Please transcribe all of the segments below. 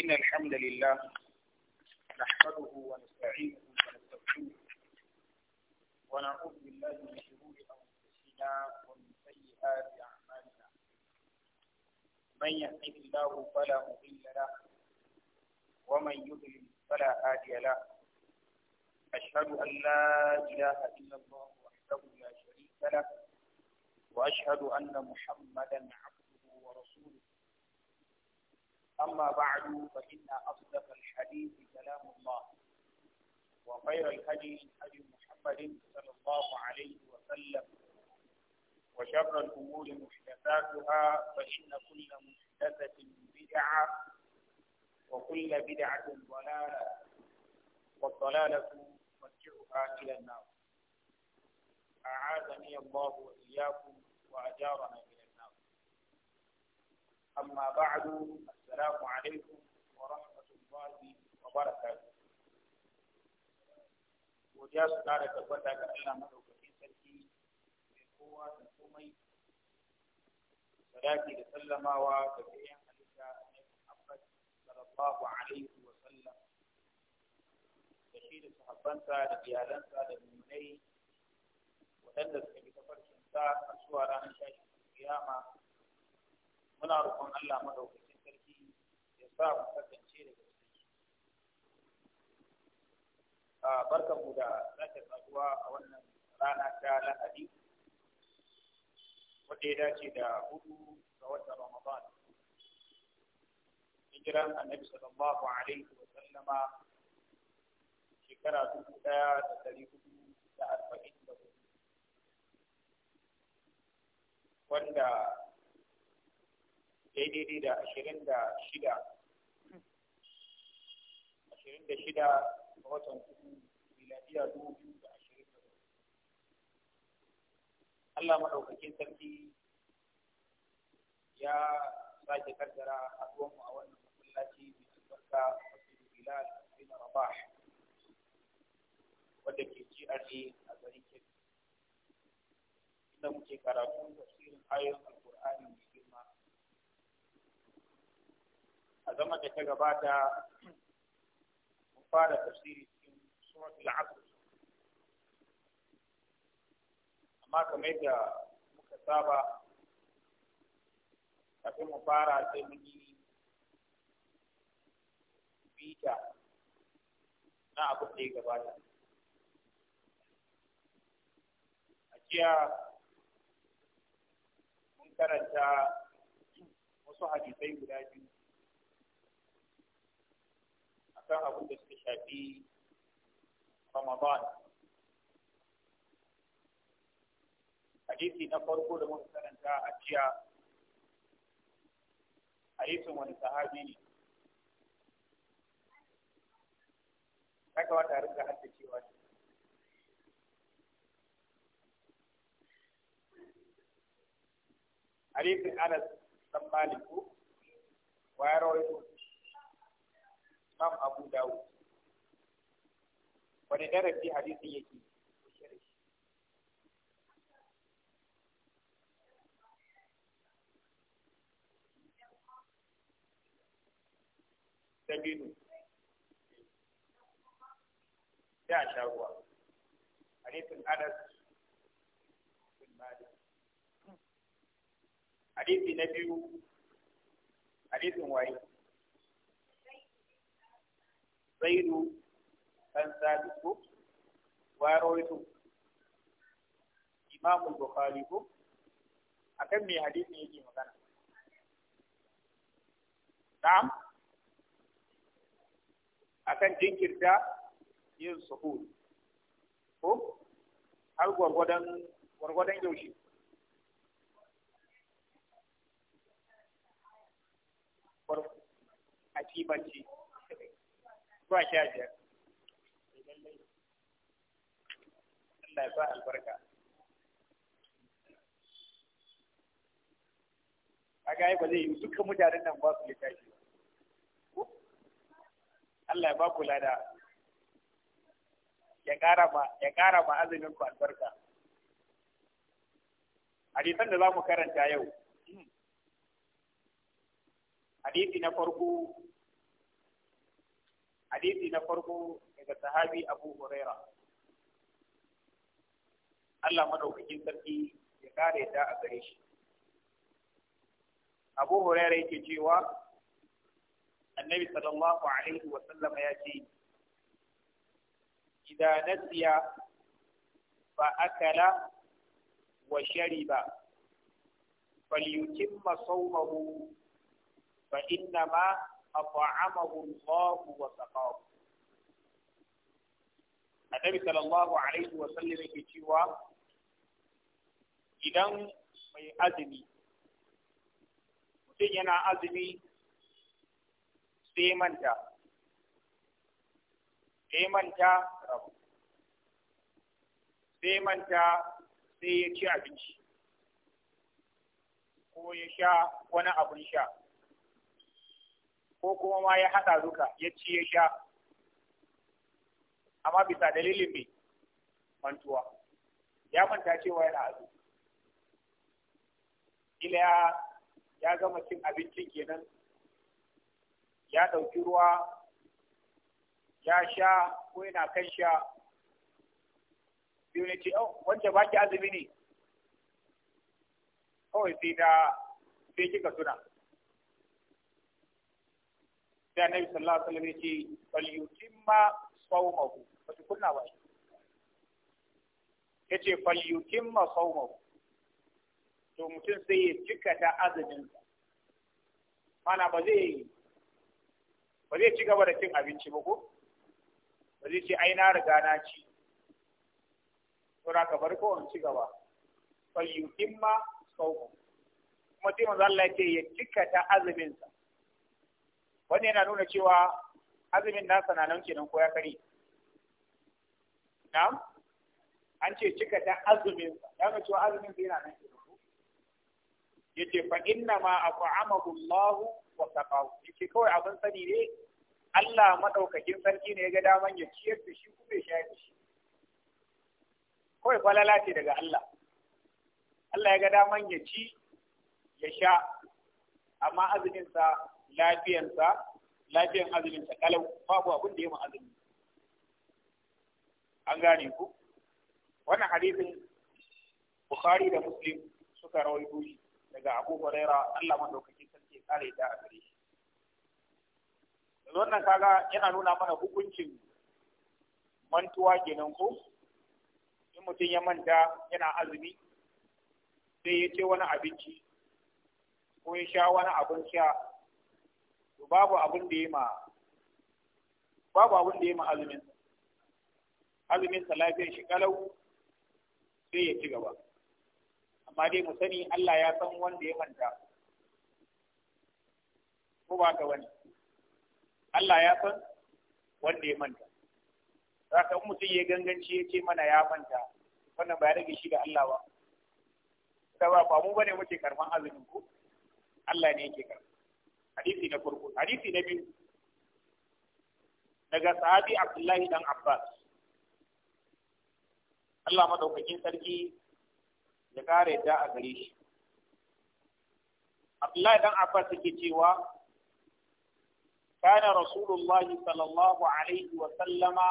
إن الحمد لله نحمده ونستعينه ونستغفره ونعوذ بالله من شرور أنفسنا ومن سيئات أعمالنا من يهده الله فلا مضل له ومن يضلل فلا هادي له أشهد أن لا إله إلا الله وحده لا شريك له وأشهد أن محمدا عبده أما بعد فإن أصدق الحديث كلام الله وخير الحديث هدي محمد صلى الله عليه وسلم وشر الأمور محدثاتها فإن كل محدثة بدعة وكل بدعة ضلالة والضلالة مرجعها إلى النار أعاذني الله وإياكم وأجارنا إلى النار أما بعد السلام عليكم ورحمة الله وبركاته وجاء سنارة قبطة قبطة من وقت سلكي من قوة نقومي سلاكي لسلم وقبطة حلقة محمد صلى الله عليه وسلم تشير صحبانتا لبيالانتا للمني وتندس كبيرة فرشنتا أسوارا نشاش القيامة من أرقون الله مدوكي Za mu kasance daga gaske. a ah, barkanmu da sake saduwa a wannan rana ta lahadi wadda ya dace da hudu ga watan ramadan hijiran annabi sallallahu alaihi wa sallama shekara dubu daya da dari hudu da arba'in da hudu wanda daidai da ashirin da shida ashirin da shida ga watan hudu miladiya dubu biyu da ashirin da hudu Allah maɗaukakin sarki ya sake kaddara haɗuwanmu a wannan masallaci mai albarka masjid bilal bin rabah Wadda ke GRA a garin Kebbi inda muke karatu tafsirin ayoyin Alƙur'ani mai girma a zaman da ta gabata fara tafsiri cikin suratul asr amma kamar da muka saba kafin mu fara sai mun yi bita na abin da ya gabata a jiya mun karanta wasu hadisai guda biyu akan abin da العشاء في رمضان حديثي نفر كل من سننتا أجياء حديث من سهابين كما تعرف لها التشيوات حديث أنس سمالكو ويروي إمام أبو داود wani darasi hadisi yake dabino sai a sha ruwa hadisin anas bin malik hadisi na biyu hadisin waye zaidu dan sabit ko wa rawaito imam al ko akan me hadisi yake magana na'am akan jinkirta yin suhur ko oh, har gwargwadon gwargwadon yaushe a biyar Allah ya sa albarka kaga ai ba zai yi dukkan mutanen nan ba su littafi Allah ya ba ku lada ya ƙara ma ya ƙara ma azumin ku albarka hadisan da za mu karanta yau hadisi na farko hadisi na farko daga sahabi Abu Hurairah Allah madaukakin sarki ya kare ta a gare shi Abu Hurairah yake cewa Annabi sallallahu alaihi wa sallam ya ce idza nasiya fa akala wa shariba falyutimma sawmahu fa ma at'amahu Allah wa saqahu Annabi sallallahu alaihi wa sallam yake cewa idan mai azumi mutum yana azumi sai manta sai manta rabu sai manta sai ya ci abinci ko ya sha wani abin sha ko kuma ma ya haɗa duka ya ci ya sha amma bisa dalilin mai mantuwa ya manta cewa yana azumi ila ya gama cin abincin kenan ya ɗauki ruwa ya sha ko yana kan sha biyu ne ce oh, wanda ba ki azumi ne kawai sai da sai kika suna sai annabi sallallahu alaihi wasallam ya ce bal yutimma sawmahu ba ki kunna ba ya ce ma yutimma sawmahu to mutum sai ya jikata azuminsa mana ba zai ba zai ci gaba da cin abinci ba ko ba zai ce ai na riga na ci saboda ka bar kowane ci gaba fal yutimma sawmu kuma sai manzo Allah yake ya cikata azumin sa wanda yana nuna cewa azumin nasa na nan kenan ko ya kare na'am an ce ta azumin sa ya ga cewa azumin sa yana nan kenan yace fa inna ma at'amahu Allah wa saqahu yace kawai abin sani ne Allah madaukakin sarki ne ya ga daman ya ciyar da shi kuma ya shayar da shi kawai falala ce daga Allah Allah ya ga daman ya ci ya sha amma azumin sa lafiyan sa lafiyan azumin sa kalau babu abin da ya mu azumi an gane ku wannan hadisin Bukhari da Muslim suka rawaito shi daga Abu Huraira Allah madaukakin sarki kare da a gare shi wannan kaga yana nuna mana hukuncin mantuwa kenan ko in mutum ya manta yana azumi sai ya ce wani abinci ko ya sha wani abin sha to babu abin da ya ma babu abin da ya ma azumin azumin sa lafiyar shi kalau sai ya ci gaba amma dai mu sani Allah ya san wanda ya manta ko ba ka wani Allah ya san wanda ya manta za ka mutum ya ganganci ya ce mana ya manta wannan ba ya rage shi da Allah ba ta ba mu bane muke karban azumin ku Allah ne yake karba hadisi na farko hadisi na biyu daga sahabi Abdullahi dan Abbas Allah madaukakin sarki ya kare yadda a gare shi Abdullahi dan Abbas yake cewa kana Rasulullah sallallahu alaihi wa sallama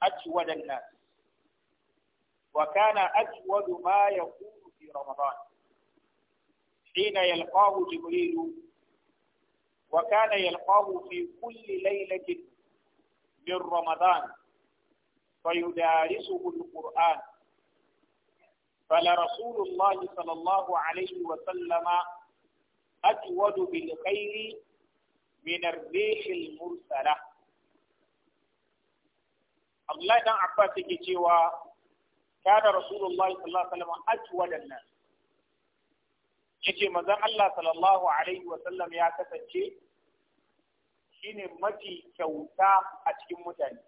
ajwada nas wa kana ajwadu ma yakunu fi Ramadan حين يلقاه جبريل وكان يلقاه في كل ليلة من رمضان فيدارسه القرآن فلرسول الله صلى الله عليه وسلم أجود بالخير من الريح المرسلة الله دان عباس كيوا كان رسول الله صلى الله عليه وسلم أجود الناس yace manzon Allah sallallahu alaihi wa sallam ya kasance shine mafi kyauta a cikin mutane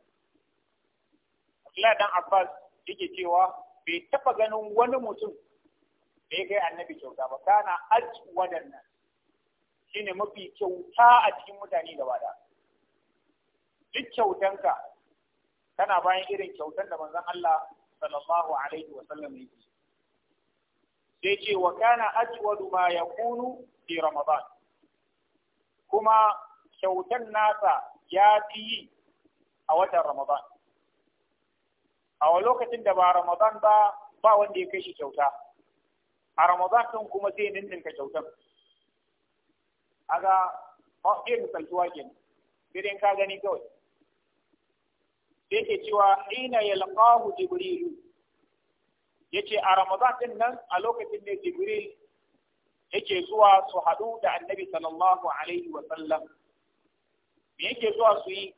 Allah dan Abbas yake cewa bai taɓa ganin wani mutum da ya kai annabi kyauta ba kana hajji waɗannan shine mafi kyauta a cikin mutane da wada duk kyautanka tana bayan irin kyautan da manzon Allah sallallahu alaihi wa sallam yake sai ce wa kana ajwadu ma yakunu fi ramadan kuma kyautan nasa ya fi yi a watan ramadan a wa lokacin da ba Ramadan ba ba wanda ya kai shi kyauta a Ramadan kan kuma sai ninninka kyautan aga ba ɗaya misaltuwa kenan sai ka gani kawai yake cewa ina yalqahu jibril yace a ramadan din nan a lokacin ne jibril yake zuwa su Hadu da annabi sallallahu alaihi wa sallam me yake zuwa su yi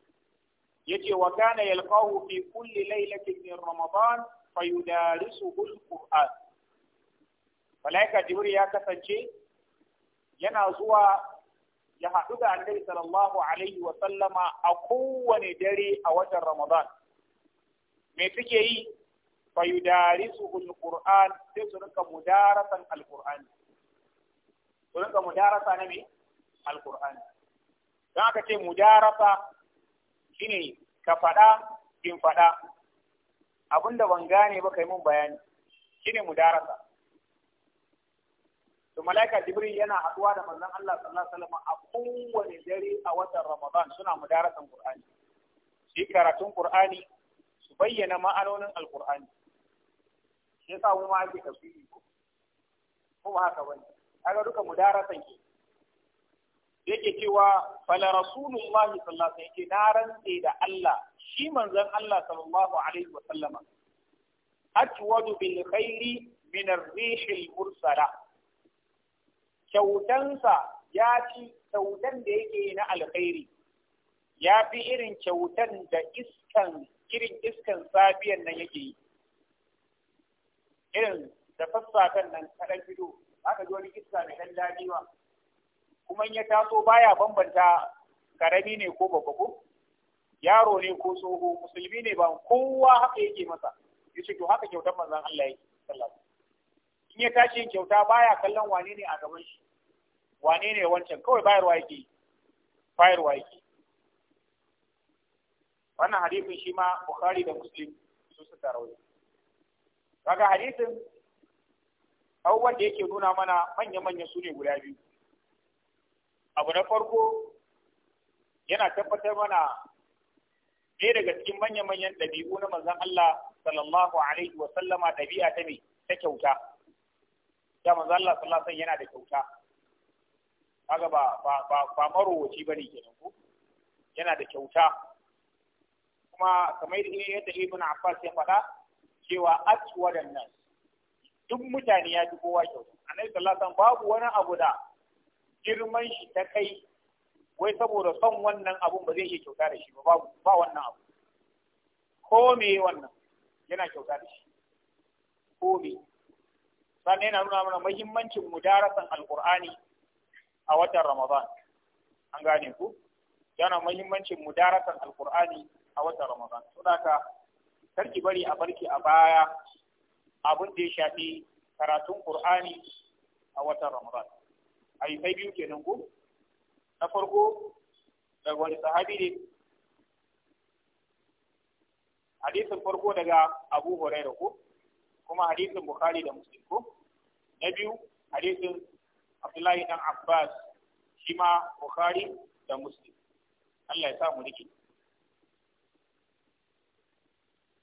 yace wa kana yalqahu fi kulli lailatin min ramadan fayudarisuhu alquran malaika jibril ya kasance yana zuwa ya haɗu da annabi sallallahu alaihi wa sallama a kowane dare a watan ramadan me suke yi fayudarisuhu alquran sai su rinka mudarasan alqur'ani su rinka mudarasa na me alqur'ani don aka ce mudarasa shine ka faɗa in faɗa abinda ban gane ba kai mun bayani shine mudarasa to malaika jibril yana haɗuwa da manzon Allah sallallahu alaihi wasallam a kowane dare a watan Ramadan suna mudarasan Qur'ani shi karatun Qur'ani su bayyana ma'anonin Al-Qur'ani shi sa mu ma ake tafsiri ko ba haka bane kaga duka mudarasan ke yake cewa fala rasulullahi sallallahu alaihi wasallam na rantse da Allah shi manzon Allah sallallahu alaihi wasallama atwadu bil khairi min ar-rihil mursala kyautansa ya ci kyautan da yake na alkhairi ya fi irin kyautan da iskan irin iskan safiyan nan yake yi irin da fassafen nan kaɗan gido aka ji wani iska mai ɗan daɗi kuma ya taso baya bambanta karami ne ko babba ko yaro ne ko tsoho musulmi ne ba kowa haka yake masa yace to haka kyautar manzon Allah yake sallallahu in ya tashi kyauta baya kallon wane ne a gaban shi wane ne wancan kawai bayarwa yake bayarwa yake wannan hadisin shi ma Bukhari da Muslim su suka rawaito kaga hadisin abubuwan da yake nuna mana manya-manya su ne guda biyu abu na farko yana tabbatar mana ne daga cikin manya-manyan ɗabi'u na manzan Allah sallallahu alaihi wa sallama ɗabi'a ta ne ta kyauta ya manzan Allah sallallahu alaihi yana da kyauta kaga ba ba ba, ba ne bane kenan ko yana da kyauta kuma kamar yadda Ibn Abbas ya faɗa cewa aswadan nas duk mutane ya ji kowa kyauta annabi sallallahu alaihi babu wani abu da girman shi ta kai wai saboda son wannan abun ba zai iya kyauta da shi ba ba wannan abu ko me wannan yana kyauta da shi ko me sannan yana nuna mana muhimmancin mudarasan alqur'ani a watan ramadan an gane ku yana muhimmancin mudarasan alqur'ani a watan ramadan saboda karki bari a barki a baya abin da ya shafi karatun qur'ani a watan ramadan hadisai biyu kenan ko na farko daga wani sahabi ne hadisin farko daga Abu Hurairah ko kuma hadisin Bukhari da Muslim ko na biyu hadisin Abdullahi dan Abbas shi ma Bukhari da Muslim Allah ya sa mu rike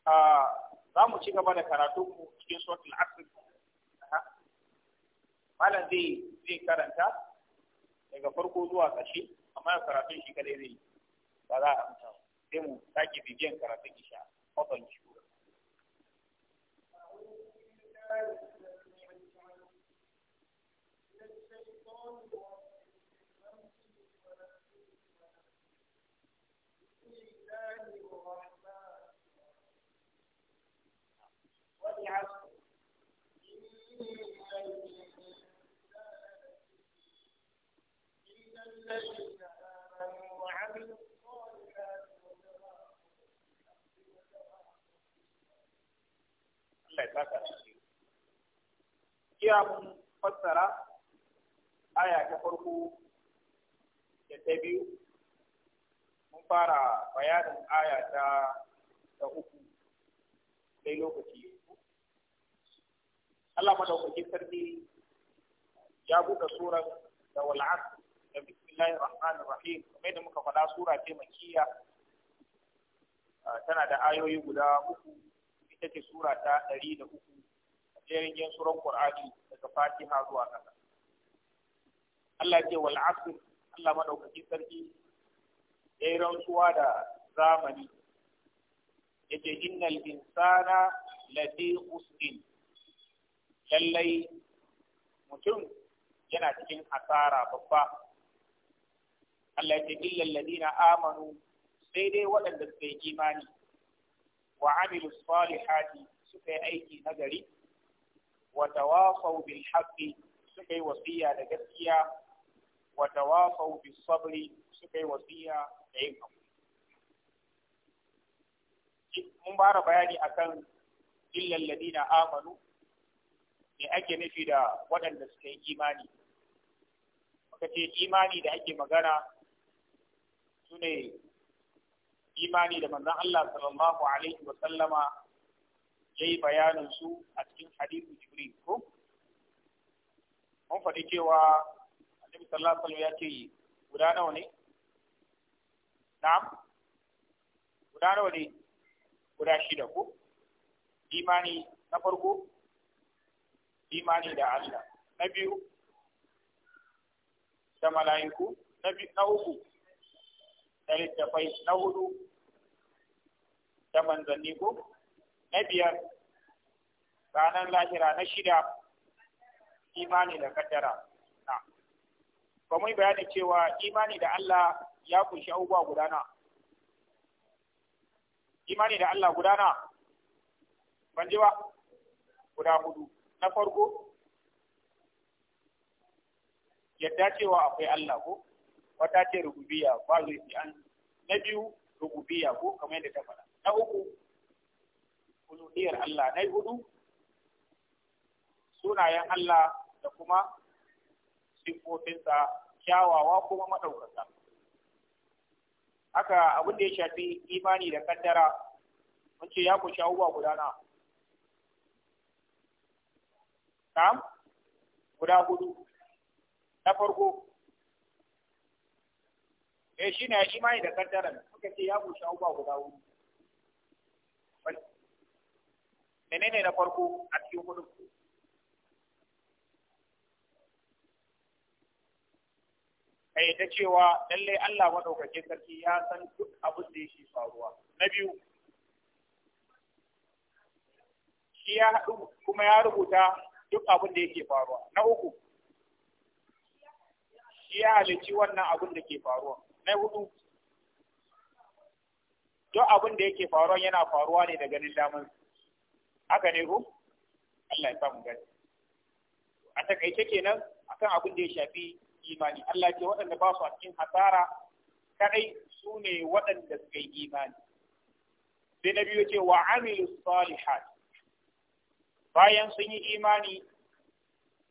ah, za mu ci gaba da karatu mu cikin suratul asr malam zai zai karanta daga farko zuwa ƙarshe amma karatun shi kadai zai ba za a amsa sai mu sake bibiyan karatun isha fadon shi Yeah. iya mun fassara aya ta farko da ta biyu mun fara bayanin aya ta ta uku sai lokaci Allah madaukakin sarki ya buga suran da wal'asr bismillahi rahmanir rahim kamar da muka faɗa sura ce makiyya tana da ayoyi guda uku ita ce sura ta ɗari da uku a jerin yin suran qur'ani daga fatiha zuwa ƙasa Allah ce wal asr Allah madaukakin sarki yayi rantsuwa da zamani yace innal insana lafi usqin lallai mutum yana cikin asara babba allati ya Ladina amanu sai dai waɗanda suka yi imani wa amilu salihati suka yi aiki nagari wa tawasaw bil haqqi suka yi wasiya da gaskiya wa tawasaw bis sabri suka yi wasiya da yin hakuri mun fara bayani akan illa Ladina amanu me ake nufi da waɗanda suka yi imani Kace imani da ake magana su ne imani da manzan Allah sallallahu alaihi wa sallama yayi bayanin a cikin hadisi jibri ko mun faɗi cewa Annabi sallallahu ya ce guda nawa ne na'am guda nawa ne guda shida ko imani na farko imani da Allah na biyu da mala'iku na uku da littafai na hudu da manzanni ko na biyar ranar lahira na shida imani da kaddara na ba mu bayani cewa imani da Allah ya kunshi abubuwa gudana imani da Allah gudana ban ji ba guda hudu na farko yadda cewa akwai Allah ko wata ce rububiya ba zai fi an na biyu rububiya ko kamar yadda ta faɗa na uku uluhiyar Allah na hudu sunayen Allah da kuma sifofinsa kyawawa kuma maɗaukaka haka abin da ya shafi imani da kaddara mun ce ya sha abubuwa guda na guda hudu na farko eh shi ne imani da kaddara suka ce ya bushe abubuwa guda hudu menene na farko a cikin hudu kai ta cewa lallai Allah madaukakin sarki ya san duk abin da yake faruwa na biyu shi ya haɗu kuma ya rubuta duk abin da yake faruwa na uku shi ya halicci wannan abin da ke faruwa na hudu duk abin da yake faruwa yana faruwa ne da ganin su. haka ne ku Allah ya samu gani a takaice kenan akan abin da ya shafi imani Allah ce waɗanda ba su a hasara kadai su ne waɗanda suka yi imani sai na biyu ce wa amilu salihat bayan sun yi imani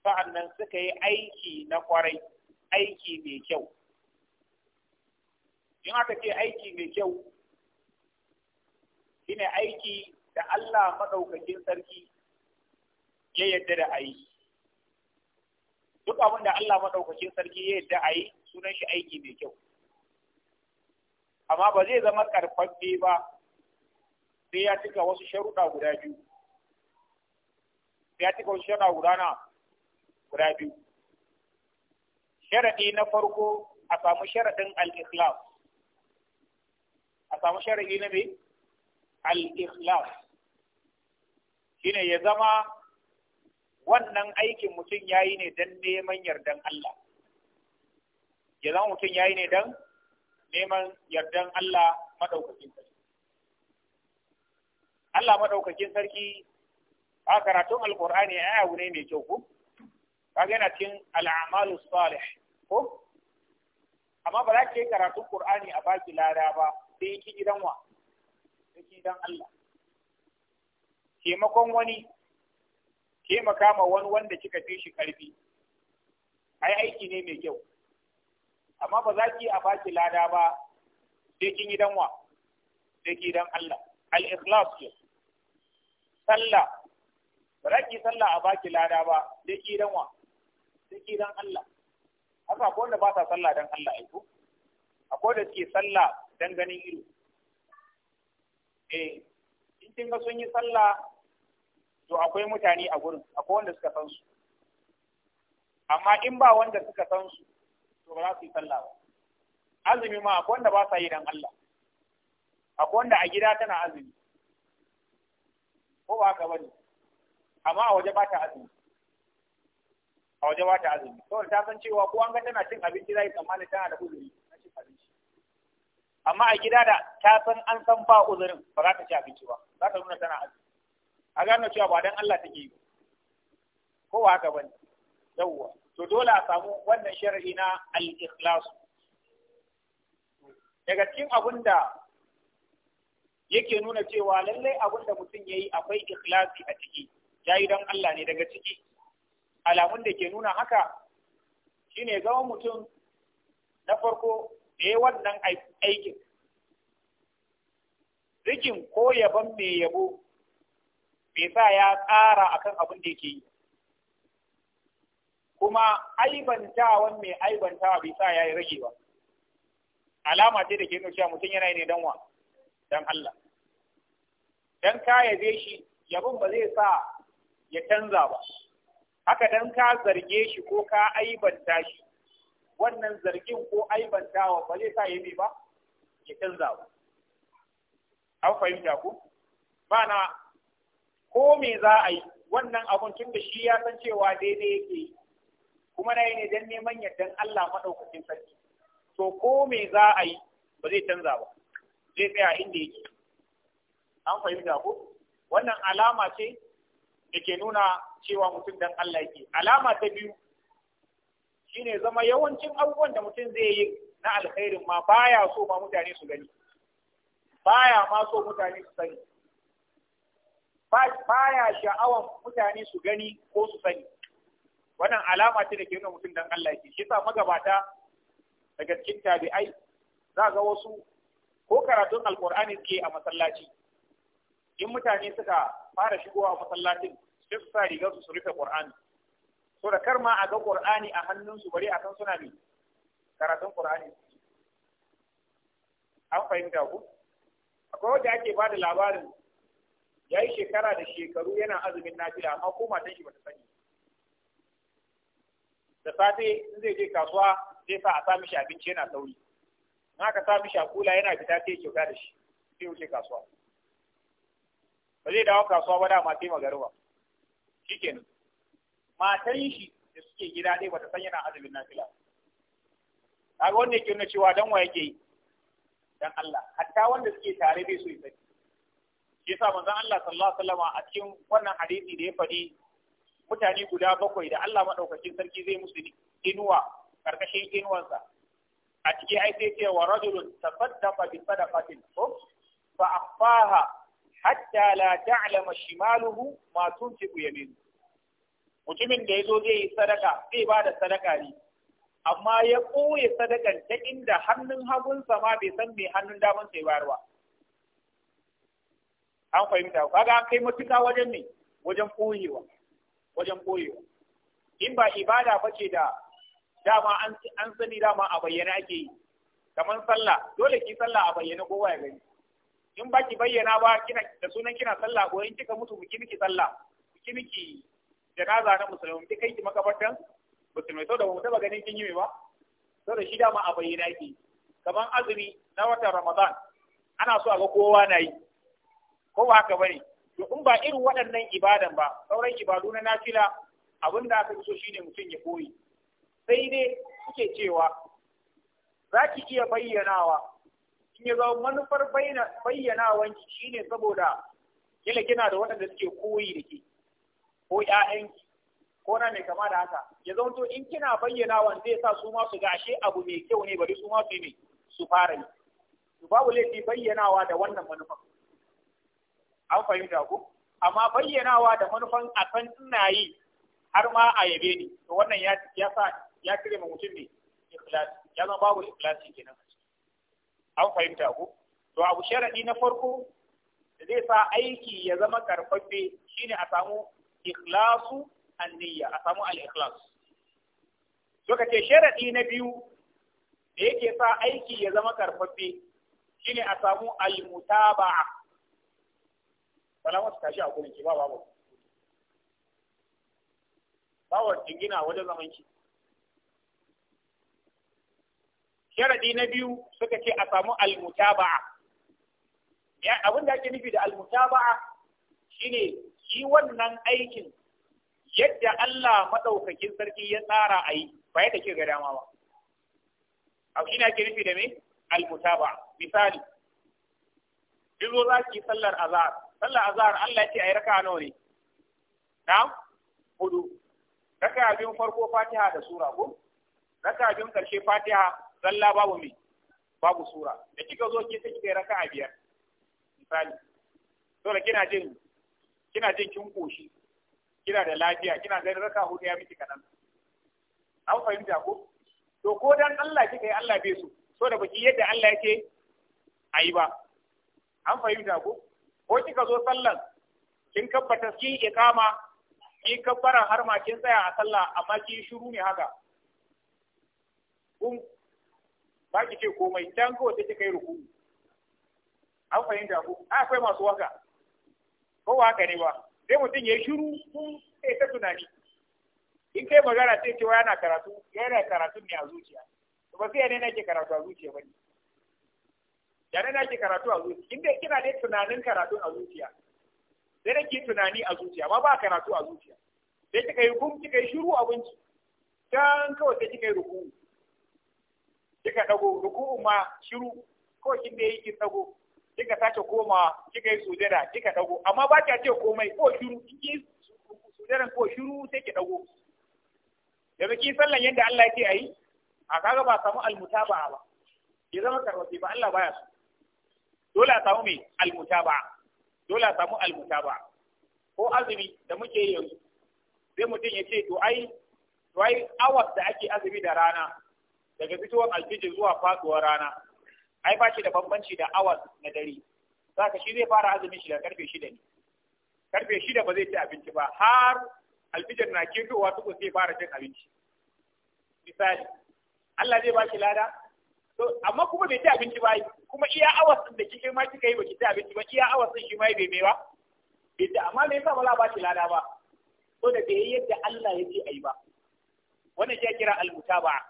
sa'annan suka yi aiki na kwarai aiki mai kyau in aka ce aiki mai kyau shine aiki da Allah maɗaukakin sarki ya yadda da a yi duk abin da Allah maɗaukakin sarki ya yadda a yi sunan shi aiki mai kyau amma ba zai zama karfaffe ba sai ya cika wasu sharuɗa guda biyu sai ya cika wasu sharuɗa guda na guda biyu sharaɗi na farko a samu sharaɗin al-ikhlas a samu shari'i na me al-ikhlas shine ya zama wannan aikin mutum yayi ne dan neman yardan Allah ya zama mutum yayi ne dan neman yardan Allah madaukakin sarki Allah madaukakin sarki a karatun alqur'ani ai abu ne mai kyau ko kaga yana cikin al'amalu salih ko amma ba za ka yi karatun qur'ani a baki lada ba sai yake gidan wa yake gidan Allah taimakon wani taimaka ma wani wanda kika fi shi karfi ai aiki ne mai kyau amma ba za ki a baki lada ba sai kin gidan wa sai ki gidan Allah al-ikhlas ke sallah ba za ki sallah a baki lada ba sai ki dan wa sai ki gidan Allah haka ko wanda ba ta sallah dan Allah aiko akwai da suke sallah dan ganin ido eh in kinga sun yi sallah to akwai mutane a gurin akwai wanda suka san su amma in ba wanda suka san su to ba za su yi sallah ba azumi ma akwai wanda ba sa yi dan Allah akwai wanda a gida tana azumi ko ba ka bane amma a waje ba ta azumi a waje ba ta azumi saboda ta san cewa ko an ga tana cin abinci zai tsammani tana da uzuri amma a gida da ta san an san ba uzurin ba za ta ci abinci ba za ta nuna tana azumi a gano cewa ba dan Allah take yi ko ba haka bane yawwa to dole a samu wannan shar'i na al-ikhlas daga cikin abinda yake nuna cewa lallai abun da mutum yayi akwai ikhlasi a ciki yayi dan Allah ne daga ciki alamun da ke nuna haka shine ga mutum na farko me wannan aikin rikin ko yabon mai yabo bai sa ya tsara akan abin da yake yi kuma aibantawan mai aibantawa bai sa ya yi rage ba alama ce da ke nuna cewa mutum yana ne dan wa dan Allah dan ka yabe shi yabon ba zai sa ya canza ba haka dan ka zarge shi ko ka aibanta shi wannan zargin ko aibantawa ba zai sa ya bi ba ya canza ba an fahimta ku mana ko me za a yi wannan abun tun da shi ya san cewa daidai yake yi kuma na yi ne don neman yardan Allah maɗaukacin sarki to ko me za a yi ba zai canza ba zai tsaya inda yake an fahimta ku? wannan alama ce da ke nuna cewa mutum dan Allah yake alama ta biyu shine zama yawancin abubuwan da mutum zai yi na alkhairin ma baya so ma mutane su gani baya ma so mutane su sani baya sha'awan mutane su gani ko su sani wannan alama ce da ke nuna mutum dan Allah ke shi yasa magabata daga cikin tabi'ai za ga wasu ko karatun alkur'ani suke a masallaci in mutane suka fara shigowa a masallacin sai su sa rigar su rufe qur'ani so da kar ma a ga qur'ani a hannunsu bari akan suna bi karatun qur'ani an fahimta ku akwai wanda ake bada labarin ya yi shekara da shekaru yana azumin nafila amma ko matan shi bata sani da safe in zai je kasuwa sai sa a sami shi abinci yana sauri in aka sami shi a kula yana fita sai kyauta da shi sai wuce kasuwa ba zai dawo kasuwa ba dama sai magaruba shikenan matan shi da suke gida dai bata san yana azumin nafila ga wanda yake nuna cewa dan wa yake dan Allah hatta wanda suke tare bai so ya shi yasa manzon Allah sallallahu alaihi wasallam a cikin wannan hadisi da ya faɗi mutane guda bakwai da Allah madaukakin sarki zai musu inuwa karkashin inuwansa a ciki ai sai ce wa rajulun tafaddafa bi sadaqatin fa akhfaha hatta la ta'lama shimaluhu ma tunfiqu yaminuhu mutumin da ya zo zai yi sadaka zai ba da sadaka ne amma ya ɓoye sadakan ta inda hannun hagunsa ma bai san mai hannun daman sai bayarwa an fahimta kaga an kai matuƙa wajen ne wajen ɓoyewa wajen ɓoyewa in ba ibada ba ce da dama an sani dama a bayyana ake yi kamar sallah dole ki sallah a bayyana kowa ya gani in ba ki bayyana ba kina da sunan kina sallah ko in kika mutu ki miki sallah ki miki janaza na musulmi duk kai ki makabartan musulmi to da mu taba ganin kin yi ba da shi dama a bayyana yake kamar azumi na watan Ramadan ana so a ga kowa na yi ko ba haka bane to in ba irin waɗannan ibadan ba sauran ibadu na nafila abin da aka so shine mutum ya koyi sai dai kuke cewa za ki iya bayyanawa in ya zama manufar bayyanawanki shine saboda kila kina da waɗanda suke koyi da ke ko ƴaƴanki ko na mai kama da haka ya zanto in kina bayyana wanda zai sa su ma su gashe abu mai kyau ne bari su ma su ne su fara yi to babu laifi bayyanawa da wannan manufan an fahimta ku amma bayyanawa da manufan a san ina yi har ma a yabe ni to wannan ya ya sa ya kire mutum ne ikhlas, ya zama babu ikhlasi kenan an fahimta ku to abu sharadi na farko zai sa aiki ya zama karfafe shine a samu ikhlasu an a samu al-ikhlas ka ce sharadi na biyu da yake sa aiki ya zama karfafe shine a samu al-mutaba'a salamu ta shi a gurin ki ba babu bawa jingina wajen zaman ki sharadi na biyu suka ce a samu al-mutaba'a abin da ake nufi da al-mutaba'a shine yi wannan aikin yadda Allah maɗaukakin sarki ya tsara a yi ba yadda ke ga dama ba. A shi ake nufi da me? ba, Misali, duk zo za ki yi sallar azahar. Sallar azahar Allah ya ce a yi raka nawa ne? Na? Hudu. Raka biyun farko fatiha da sura ko? Raka biyun ƙarshe fatiha zalla babu me? Babu sura. Da kika zo ki sai kika yi raka a biyar. Misali. Dole kina jin kina jin kin koshi kina da lafiya kina da raka hudu ya miki kadan an fahimta ko to ko dan Allah kika yi Allah bai so so da baki yadda Allah yake ayi ba an fahimta ko ko kika zo sallan kin kabbata kin iqama kin kabbara har ma kin tsaya a sallah amma kin shiru ne haka kun ba ki ce komai dan ko sai kika yi ruku an fahimta ko akwai masu waka ko wa haka ne ba sai mutum ya yi shiru sai ta tunani in kai magana sai cewa yana karatu yana karatu ne a zuciya to ba sai ne nake karatu a zuciya bane ya ne nake karatu a zuciya inda kina ne tunanin karatu a zuciya sai nake tunani a zuciya amma ba karatu a zuciya sai kika yi kum kika yi shiru abinci dan kawai sai kika yi ruku kika dago ruku ma shiru ko kin da yi kin dago kika sake koma kika yi sujada kika dago amma ba kya ce komai ko shiru kiki sujadan ko shiru sai ki dago yanzu ki sallan yadda Allah yake ayi a kaga ba samu almutaba ba ki zama karwaci ba Allah baya so dole a samu mai almutaba dole a samu almutaba ko azumi da muke yi yanzu sai mutum ya ce to ai to ai awas da ake azumi da rana daga fitowar alfijir zuwa faduwar rana ai ba shi da bambanci da hours na dare ka shi zai fara azumin shi da karfe 6 ne karfe 6 ba zai ci abinci ba har alfijar na kirkowa tukun zai fara cin abinci misali Allah zai ba shi lada to amma kuma bai ci abinci ba kuma iya hours din da kike ma kika yi ba ki ci abinci ba iya hours din shi ma bai mai ba bai amma me yasa ba za ba shi lada ba Ko da bai yadda Allah ya ce ayi ba wannan ya kira al-mutaba'a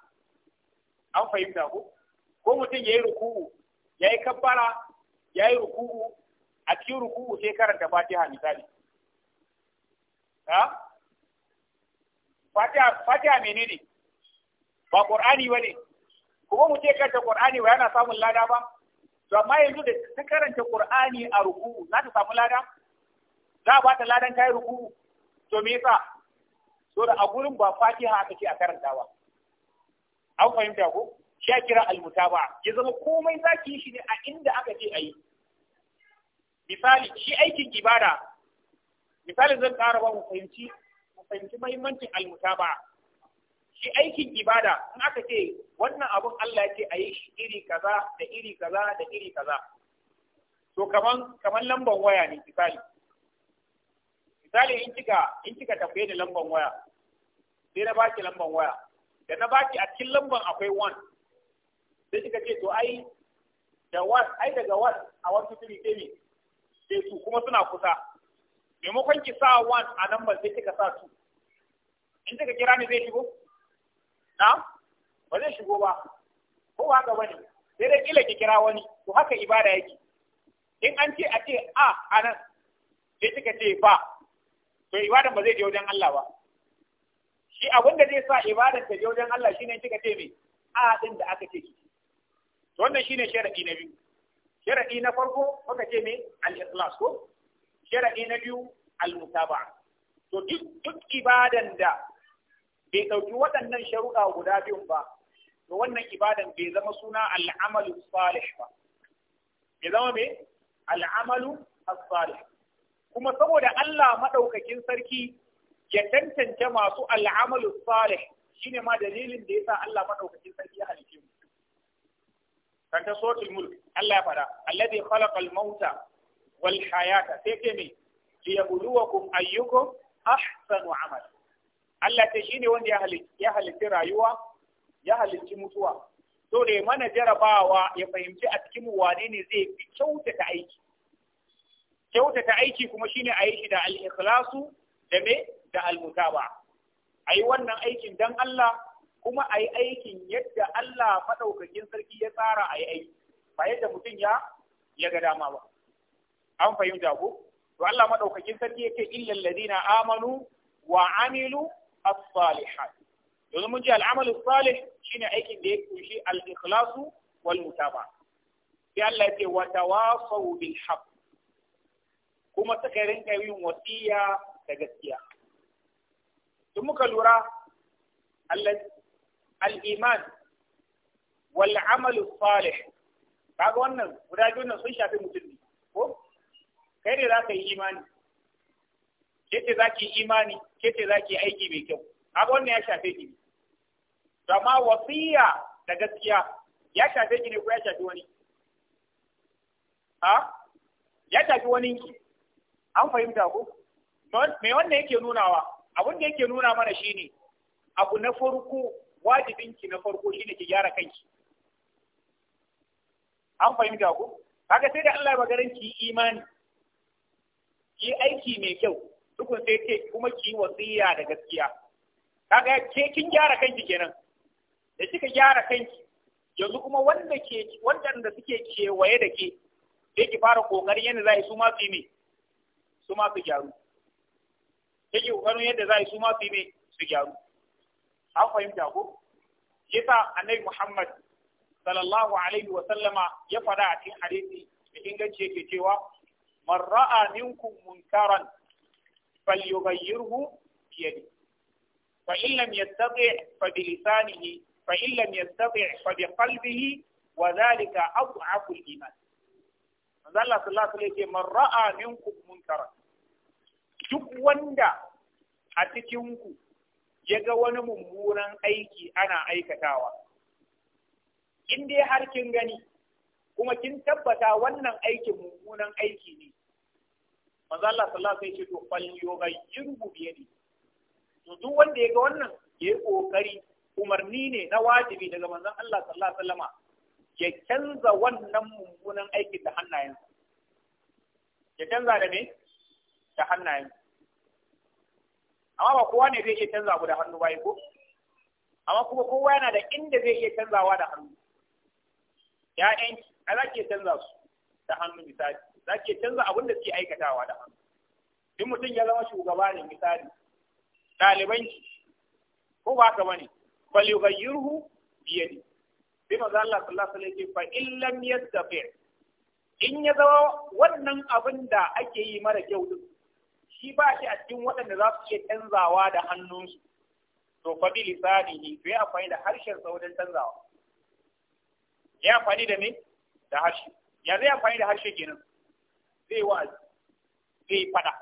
an fahimta ko ko mutum ya yi ruku'u ya yi kabbara ya yi ruku'u a cikin ruku'u sai karanta fatiha misali ha fatiha fatiha menene ba qur'ani bane kuma mu ce karanta qur'ani ba yana samun lada ba to amma yanzu da ta karanta qur'ani a ruku'u za ta samu lada za a ba ta ladan kai ruku'u to me yasa To da a gurin ba fatiha kake a karanta ba an fahimta ko shi kira almutaba ya zama komai zaki yi shi ne a inda aka ce a yi misali shi aikin ibada misali zan ƙara ba mu fahimci mu fahimci muhimmancin almutaba shi aikin ibada in aka ce wannan abun Allah ya ce a yi shi iri kaza da iri kaza da iri kaza to kaman kaman lamban waya ne misali misali in kika in kika tafiye da lamban waya sai na baki lamban waya da na baki a cikin lamban akwai one sai kika ce to ai da was ai daga was a wasu tiri ke ne sai su kuma suna kusa maimakon ki sa one a nan ba sai kika sa su. in kika kira ni zai shigo na ba zai shigo ba ko haka bane sai dai kila ki kira wani to haka ibada yake in an ce a ce a a nan sai kika ce ba to ibadan ba zai je wajen Allah ba shi abin da zai sa ibadan ta je wajen Allah shine kika ce me a din da aka ce shi wannan shine sharadi na biyu sharadi na farko muka ce me al-ikhlas ko sharadi na biyu al-mutaba'a to duk duk ibadan da bai dauki waɗannan sharuɗa guda biyun ba to wannan ibadan bai zama suna al-amalu salih ba bai zama me al-amalu salih kuma saboda Allah madaukakin sarki ya tantance masu al'amalu salih shine ma dalilin da yasa Allah madaukakin sarki ya halice mu kanta suratul mulk Allah ya fara alladhi khalaqal mauta wal hayata sai ke me liyabluwakum ayyukum ahsanu amal Allah ta shine wanda ya halitta ya rayuwa ya halitta mutuwa to da mana jarabawa ya fahimci a cikin wane ne zai fi kyautata aiki kyautata aiki kuma shine a yi shi da al-ikhlasu da me da al-mutaba ayi wannan aikin dan Allah kuma a yi aikin yadda Allah maɗaukakin sarki ya tsara a yi aiki ba yadda mutum ya ya ga dama ba an fahimta ko to Allah maɗaukakin sarki yake illal ladina amanu wa amilu as-salihat yanzu mun ji al'amalu salih shine aikin da ya kunshi al-ikhlasu wal mutaba sai Allah wa tawasaw bil haqq kuma suka rinka yin wasiya da gaskiya in muka lura Allah Al'iman iman wal amal salih kaga wannan guda biyu nan sun shafi mutum ne ko kai ne za ka yi imani ke ce za ki yi imani ke ce za ki yi aiki mai kyau kaga wannan ya shafe ki ne to amma wasiya da gaskiya ya shafe ki ne ko ya shafi wani ha ya shafi wani ki an fahimta ko me wannan yake nunawa abin da yake nuna mana shine abu na farko wajibinki na farko shine ki gyara kanki an fahimta ku kaga sai da Allah ya magaran ki imani ki aiki mai kyau dukun sai ke kuma ki wasiya da gaskiya kaga ke kin gyara kanki kenan da kika gyara kanki yanzu kuma wanda ke wanda suke kewaye da ke sai ki fara kokarin yadda za su ma su yi ne su ma su gyaru kike kokarin yadda za su ma su yi ne su gyaru an fahimta ko yasa annabi Muhammad sallallahu alaihi wa sallama ya fada a cikin hadisi da inganci yake cewa man ra'a minkum munkaran falyughayyirhu bi yadi fa in lam yastati' fa bi lisanihi fa in lam yastati' fa bi qalbihi wa dhalika adhafu al-iman manzo Allah sallallahu alaihi wa sallam man ra'a minkum munkaran duk wanda a cikin ku ya ga wani mummunan aiki ana aikatawa in dai har kin gani kuma kin tabbata wannan aikin mummunan aiki ne Maza Allah sallallahu sai ce to fal yughayyirhu bi yadi ne. duk wanda ya ga wannan ya yi kokari umarni ne na wajibi daga manzon Allah sallallahu alaihi ya canza wannan mummunan aikin da hannayensa ya canza da me da hannayensa amma ba kowa ne zai iya canza da hannu ba ko amma kuma kowa yana da inda zai iya canzawa da hannu ya'yan a za ke canza su da hannu misali za ke canza abin da suke aikatawa da hannu in mutum ya zama shugaba ne misali ɗalibanki ko ba ka bane bal yughayyirhu bi yadi bi manzo Allah sallallahu alaihi wasallam fa in lam in ya zama wannan abin da ake yi mara kyau din shi ba shi a cikin waɗanda za su iya canzawa da hannunsu to fa bi lisanihi to ya amfani da harshen sa wajen canzawa ya amfani da me da harshe ya zai amfani da harshe kenan zai wa zai fada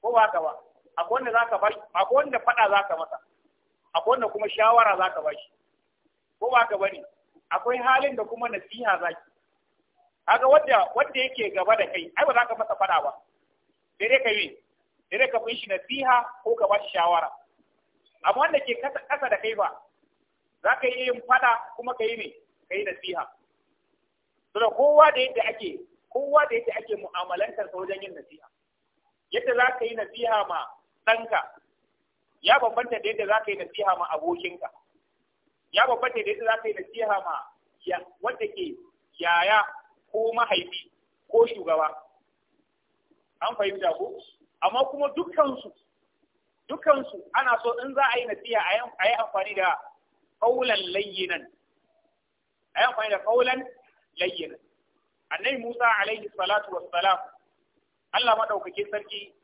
ko ba ka ba akwai wanda zaka za akwai wanda fada zaka masa akwai wanda kuma shawara zaka bashi ko ba ka bane akwai halin da kuma nasiha zaki kaga wanda wanda yake gaba da kai ai ba zaka masa fada ba sai dai ka yi sai dai ka kun shi nasiha ko ka ba shi shawara amma wanda ke kasa kasa da kai ba za ka yi yin fada kuma ka yi ne ka yi nasiha da kowa da yadda ake kowa da yadda ake mu'amalantar sa wajen yin nasiha yadda za ka yi nasiha ma ɗanka ya bambanta da yadda za ka yi nasiha ma abokinka ya bambanta da yadda za ka yi nasiha ma wanda ke yaya ko mahaifi ko shugaba an fahimta ko amma kuma dukkansu dukansu ana so in za a yi nasiha a yi amfani da kaulan layyinan a yi amfani da kaulan layyinan annabi Musa alaihi salatu wassalam Allah maɗaukakin sarki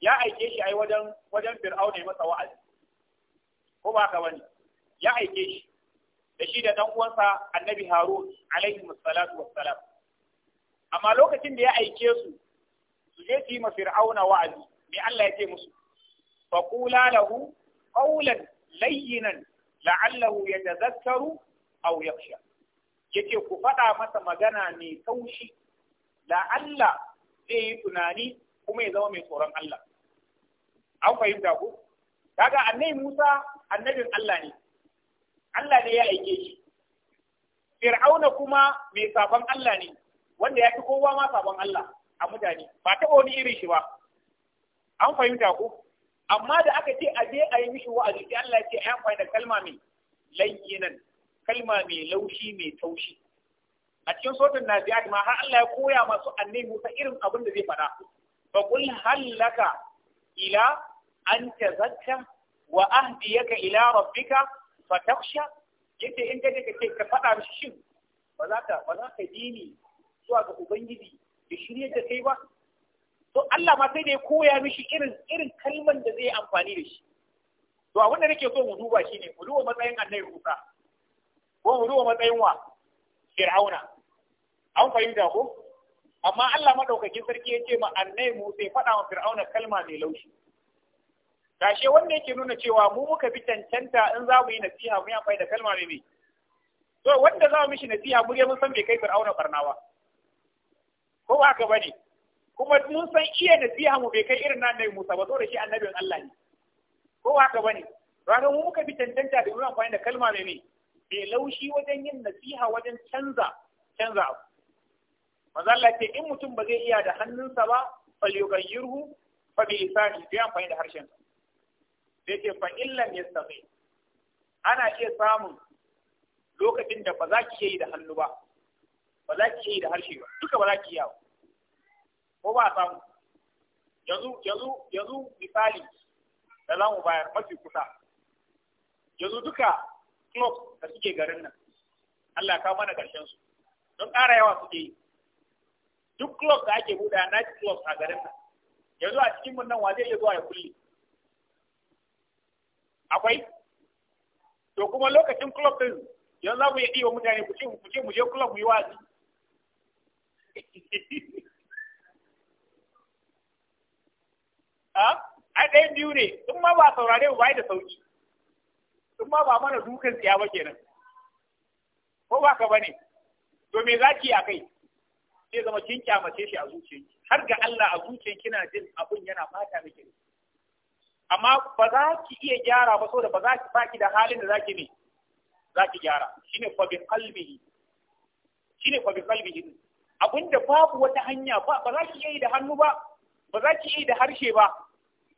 ya aike shi ai wajen wajen Fir'aun ne masa wa'azi ko ba ka bani? ya aike shi da shi da dan uwansa annabi Harun alaihi salatu wassalam amma lokacin da ya aike su su je su yi ma fir'auna wa'azi me Allah ya ce musu fa qula lahu qawlan layyinan la'allahu yatadhakkaru aw yakhsha yace ku faɗa masa magana mai taushi la'alla zai yi tunani kuma ya zama mai tsoron Allah an fahimta ku kaga annabi Musa annabin Allah ne Allah ne ya aike shi Fir'auna kuma mai sabon Allah ne wanda ya fi kowa ma sabon Allah a mutane ba taɓa wani irin shi ba an fahimta ko amma da aka ce a je a yi mishi wa'azi sai Allah ya ce ayan fa da kalma mai layyinan kalma mai laushi mai taushi a cikin na Najiyat ma har Allah ya koya masu annabi Musa irin abin da zai faɗa fa qul hallaka ila an tazakka wa ahdiyaka ila rabbika fatakhsha yace in kaje ka ce ka faɗa mishi shin ba za ka ba za ka dini zuwa ga ubangiji da shirye da kai ba to Allah ma sai da ya koya mishi irin irin kalman da zai amfani da shi to abin da nake so mu duba shine mu duba matsayin Annabi Musa ko mu duba matsayin wa Fir'auna an fahimta ko amma Allah madaukakin sarki ya ce ma annai Musa ya faɗa wa Fir'auna kalma mai laushi Tashe wanda yake nuna cewa mu muka bi cancanta in za mu yi nasiha mu yi amfani da kalma mai mai. To wanda za mu mishi nasiha mu mun san bai kai Fir'auna barnawa. ko ba ka bane kuma mun san iya nasiha mu bai kai irin nan da Musa ba saboda shi annabin Allah ne ko ba ka bane ranar mu muka bi tantanta da wannan amfani da kalma mai ne bai laushi wajen yin nasiha wajen canza canza abu manzo Allah ce in mutum ba zai iya da hannunsa ba fal yughayyirhu fa bi lisani bi amfani da harshen sai ce fa illam yastati ana iya samun lokacin da ba za ki yi da hannu ba ba za ki iya da harshe ba duka ba za ki iya ko ba a samu yanzu yanzu yanzu misali da za mu bayar mafi kusa yanzu duka club da suke garin nan Allah ka kawo mana karshen su don ƙara yawa suke yi duk club da ake buɗa na club a garin nan yanzu a cikin mun nan wa zai iya zuwa ya kulle akwai to kuma lokacin club din yanzu za mu iya ɗiwa mutane ku ce mu je club mu yi wazi a ɗayan biyu ne in ma ba saurare ba da sauki in ma ba mana dukan tsiya ba kenan ko ba ka bane to me za ki a kai sai zama kin kyamace shi a zuciyarki har ga Allah a zuciyar kina jin abun yana fata miki ne amma ba za ki iya gyara ba saboda ba za ki faki da halin da za ki ne za ki gyara shine fa bi qalbihi shine fa bi qalbihi abinda babu wata hanya ba ba za ki iya yi da hannu ba ba za ki iya yi da harshe ba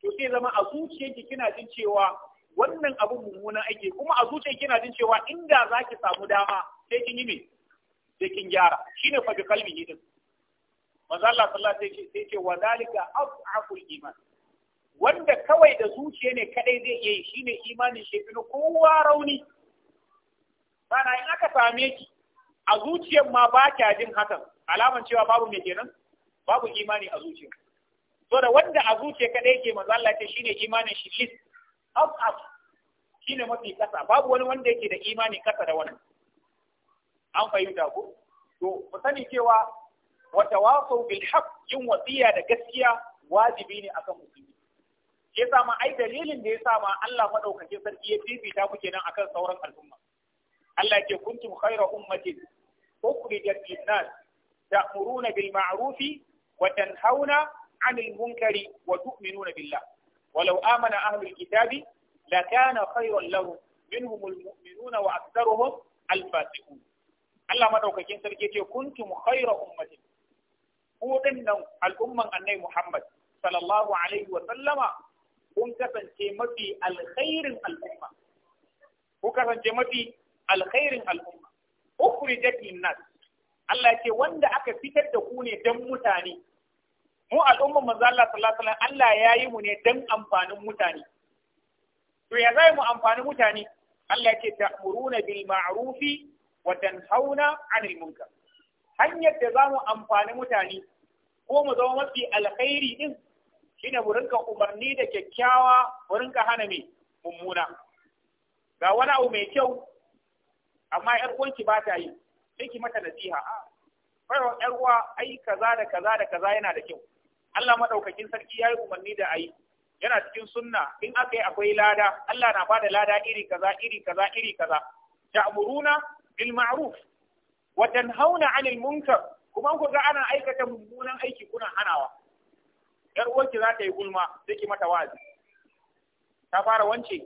to sai zama a zuciyarki kina jin cewa wannan abin mummunan ake kuma a zuciyar kina jin cewa inda za ki samu dama sai kin yi me sai kin gyara shine fa bi kalbi din manzo Allah sallallahu alaihi wasallam sai ce wa zalika af'aful iman wanda kawai da zuciya ne kadai zai iya yi shine imanin shi ne kowa rauni bana in aka same ki a zuciyar ma ba kya jin hakan alaman cewa babu me kenan babu imani a zuciya so da wanda a zuciya kada yake manzo Allah ce shine imanin shi lis up up shine mafi kasa babu wani wanda yake da imani kasa da wannan an fahimta ko to mu sani cewa wa tawasau bil haqq yin wasiya da gaskiya wajibi ne akan musulmi ke sa ma ai dalilin da ya sa ma Allah madaukake sarki ya fifita ku kenan akan sauran al'umma Allah ke kuntum khayra ummatin ukhrijat lin-nas Da ta'muruna bil ma'rufi wa tanhauna 'anil munkari wa tu'minuna billah walau amana ahlul kitabi lakana khayran lahum minhum almu'minuna wa aktharuhum alfasiqun Allah madaukakin sarki kuntu kuntum khayra ummatin ku dinnan al'umman annabi Muhammad sallallahu alaihi wa sallama kun kasance mafi alkhairin al'umma ku kasance mafi alkhairin al'umma ukhrijat lin nas Allah ce wanda aka fitar da ku ne dan mutane mu al'umma manzo Allah sallallahu alaihi wasallam Allah ya yi mu ne dan amfanin mutane to ya zai mu amfanin mutane Allah ce ta'muruna bil ma'rufi wa tanhauna 'anil munkar hanyar da za mu amfani mutane ko mu zama mafi alkhairi din shine mu rinka umarni da kyakkyawa mu rinka hana mai mummuna ga wani abu mai kyau amma yar uwanki ba ta yi sai ki mata nasiha a fara yar uwa ai kaza da kaza da kaza yana da kyau Allah maɗaukakin sarki yayi umarni da ayi yana cikin sunna in aka yi akwai lada Allah na bada lada iri kaza iri kaza iri kaza ta'muruna bil ma'ruf wa tanhauna 'anil munkar kuma ku ga ana aikata mummunan aiki kuna hanawa yar uwarki za ta yi gulma sai ki mata wazi ta fara wance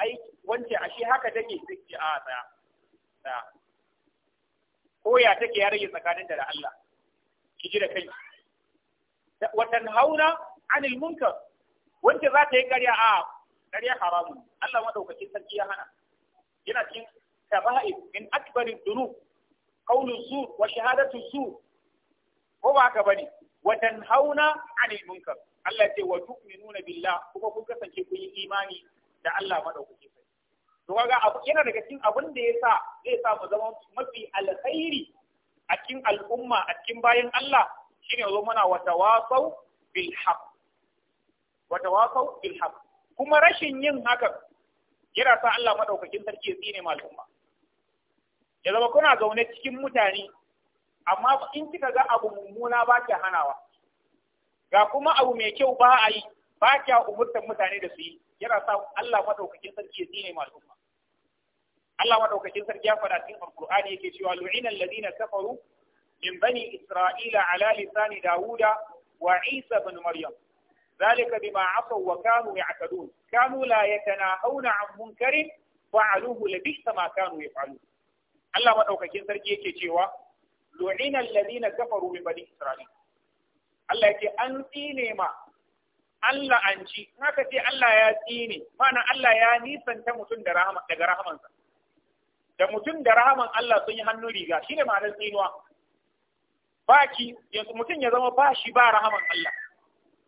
ai wance ashe haka take sai ki a ah, tsaya ko ya take ya rage tsakanin da Allah ki ji da kai wa tanhauna anil munkar wanda za ta yi ƙarya a ƙarya haramun Allah madaukakin sarki ya hana yana cikin kaba'ir min akbarin dunu, qawlu su, wa shahadatu su, ko ba haka bane wa tanhauna anil munkar Allah ce wa tu'minuna billah kuma kun kasance kun yi imani da Allah madaukakin to ga abu yana daga cikin abin da ya sa zai sa mu zama mafi alkhairi a cikin al'umma a cikin bayan Allah shine zo mana watawasau bil haq watawasau bil haqq kuma rashin yin hakan yana sa Allah madaukakin sarki ya tsine ma al'umma ya zama kuna zaune cikin mutane amma in kika ga abu mummuna ba ke hanawa ga kuma abu mai kyau ba a yi ba kya umurtan mutane da su yi yana sa Allah madaukakin sarki ya tsine ma al'umma Allah madaukakin sarki ya faɗa cikin Alƙur'ani yake cewa lu'ina alladhina kafaru min bani Isra'ila ala lisani Dawuda wa Isa ibn Maryam ذلك بما عصوا وكانوا يعتدون كانوا لا يتناهون عن منكر فعلوه لبئس ما كانوا يفعلون Allah madaukakin sarki yake cewa lu'ina alladhina kafaru min bani Isra'il Allah yake an tsine ma Allah an ci haka ce Allah ya tsine ma'ana Allah ya nisanta mutum da rahama daga rahamansa da mutum da rahaman Allah sun yi hannu riga shi ne ma'anar tsinuwa baki yanzu mutum ya zama bashi ba rahaman Allah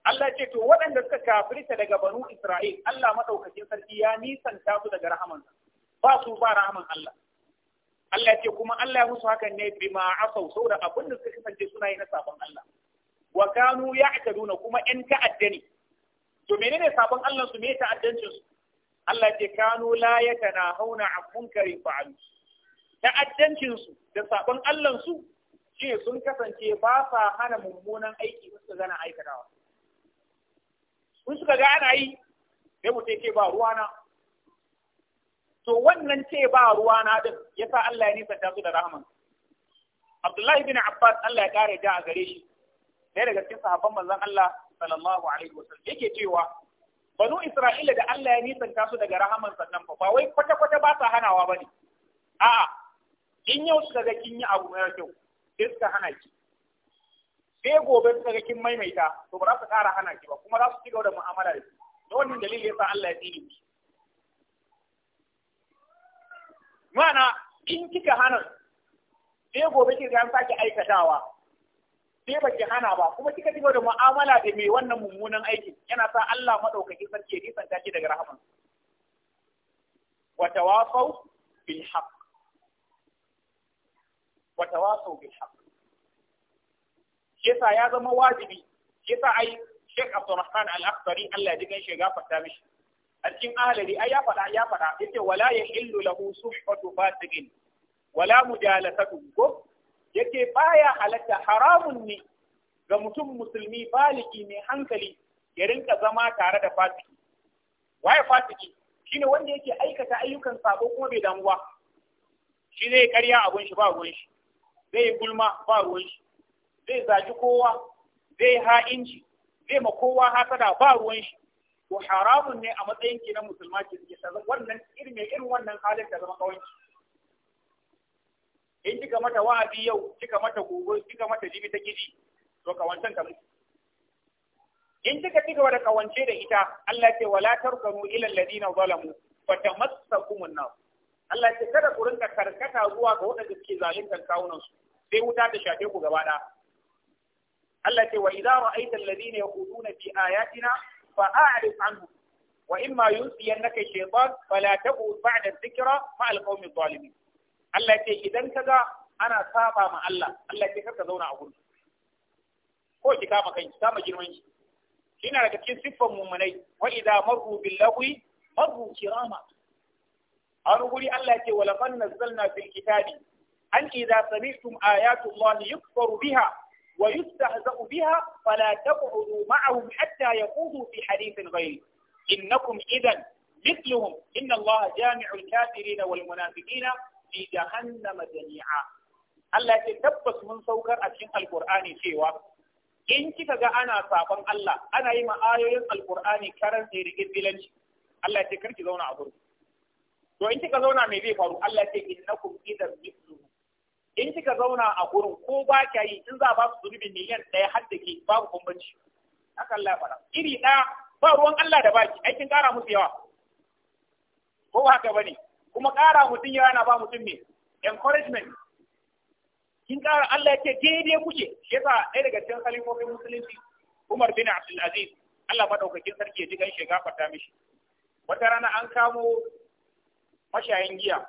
Allah ce to waɗanda suka kafirta daga banu Isra'il Allah madaukakin sarki ya nisanta su daga rahamansa ba su ba rahaman Allah Allah ce kuma Allah ya musu hakan ne bima asau saboda abin da suka kasance suna yi na sabon Allah wa kanu ya'taduna kuma in ta'adda ne to menene sabon Allah su me ta'addancin su Allah ce kanu la hauna an munkarin fa'alu ta'addancin su da sabon Allah su shi sun kasance ba sa hana mummunan aiki su gana aikatawa kun suka ga ana yi sai mutum ke ba ruwana to wannan ce ba ruwana din yasa Allah ya nisanta su da rahman Abdullahi bin Abbas Allah ya kare da a gare shi ɗaya daga cikin sahabban manzon Allah sallallahu alaihi wasallam yake cewa banu Isra'ila da Allah ya nisan su daga rahaman sannan fa ba wai kwata kwata ba sa hanawa bane a'a in yau suka ga kin yi abu mai kyau sai suka hana ki sai gobe suka ga kin maimaita to ba za su ƙara hana ki ba kuma za su ci gaba da mu'amala da ki da wannan dalili yasa Allah ya tsine ki ma'ana in kika hana sai gobe kika ga an sake aikatawa ke ba ki hana ba kuma kika ci da mu'amala da mai wannan mummunan aikin yana sa Allah madaukakin sarki ya nisanta ki daga rahaman wa tawasaw bil haqq wa tawasaw bil haqq yasa ya zama wajibi yasa ai Sheikh Abdurrahman Al-Akhdari Allah ya ji shiga fata mishi a cikin ahalari ai ya faɗa ya faɗa yace wala yahillu lahu suhbatu fasiqin wala mujalasatu ko yake baya halatta haramun ne ga mutum musulmi baliki mai hankali ya rinka zama tare da fasiki waye fasiki shine wanda yake aikata ayyukan sabo kuma bai damu ba shi zai karya abun shi ba ruwan shi zai yi gulma ba ruwan shi zai zaji kowa zai ha'inci zai ma kowa hasada ba ruwan shi to haramun ne a matsayin ki na musulma ki zama wannan irin irin wannan halin da zama kawanci in kika mata wa'azi yau kika mata gobe kika mata jibi ta gidi to wancan ka mutu in kika kika gaba da kawance da ita Allah ce wala tarkanu ila alladina zalamu wa tamassakum an-nar Allah ce kada ku rinka karkata zuwa ga waɗanda suke zaluntar kawunan su sai wuta ta shafe ku gaba Allah ce wa idza ra'aita alladina yaquluna fi ayatina fa a'rid anhum wa imma yunsiyannaka shaytan fala taqul ba'da dhikra ma al-qawmi Allah ce idan ka ga ana saba ma Allah Allah ce kar ka zauna a gurin ko ki kama kanki kama girman ki shine daga cikin siffan mummunai wa idza marru bil lagwi marru kirama an guri Allah ce wa laqad nazzalna fil kitabi an idza sami'tum ayatu Allah yukfaru biha wa yustahza'u biha fala taq'udu ma'ahum hatta yaqudu fi hadithin ghayr innakum idan مثلهم إن الله جامع الكافرين والمنافقين fi jahannama jami'a Allah ya ce tabbas mun saukar a cikin alqur'ani cewa in kika ga ana sabon Allah ana yi ma ayoyin alqur'ani karan tsere bilanci Allah ya ce karki zauna a gurin to in kika zauna me zai faru Allah ya ce innakum idan mithlu in kika zauna a gurin ko ba kya yi in za ba su zubi miliyan ɗaya har da ke babu bambanci haka Allah ya faɗa iri ɗaya ba ruwan Allah da baki aikin ƙara musu yawa ko haka bane kuma ƙara mutum ya na ba mutum ne encouragement kin ƙara Allah yake daidai kuke shi yasa ɗaya daga cikin halifofin musulunci Umar bin Abdul Aziz Allah madaukakin sarki ya ji gan shi gafarta mishi wata rana an kamo mashayin giya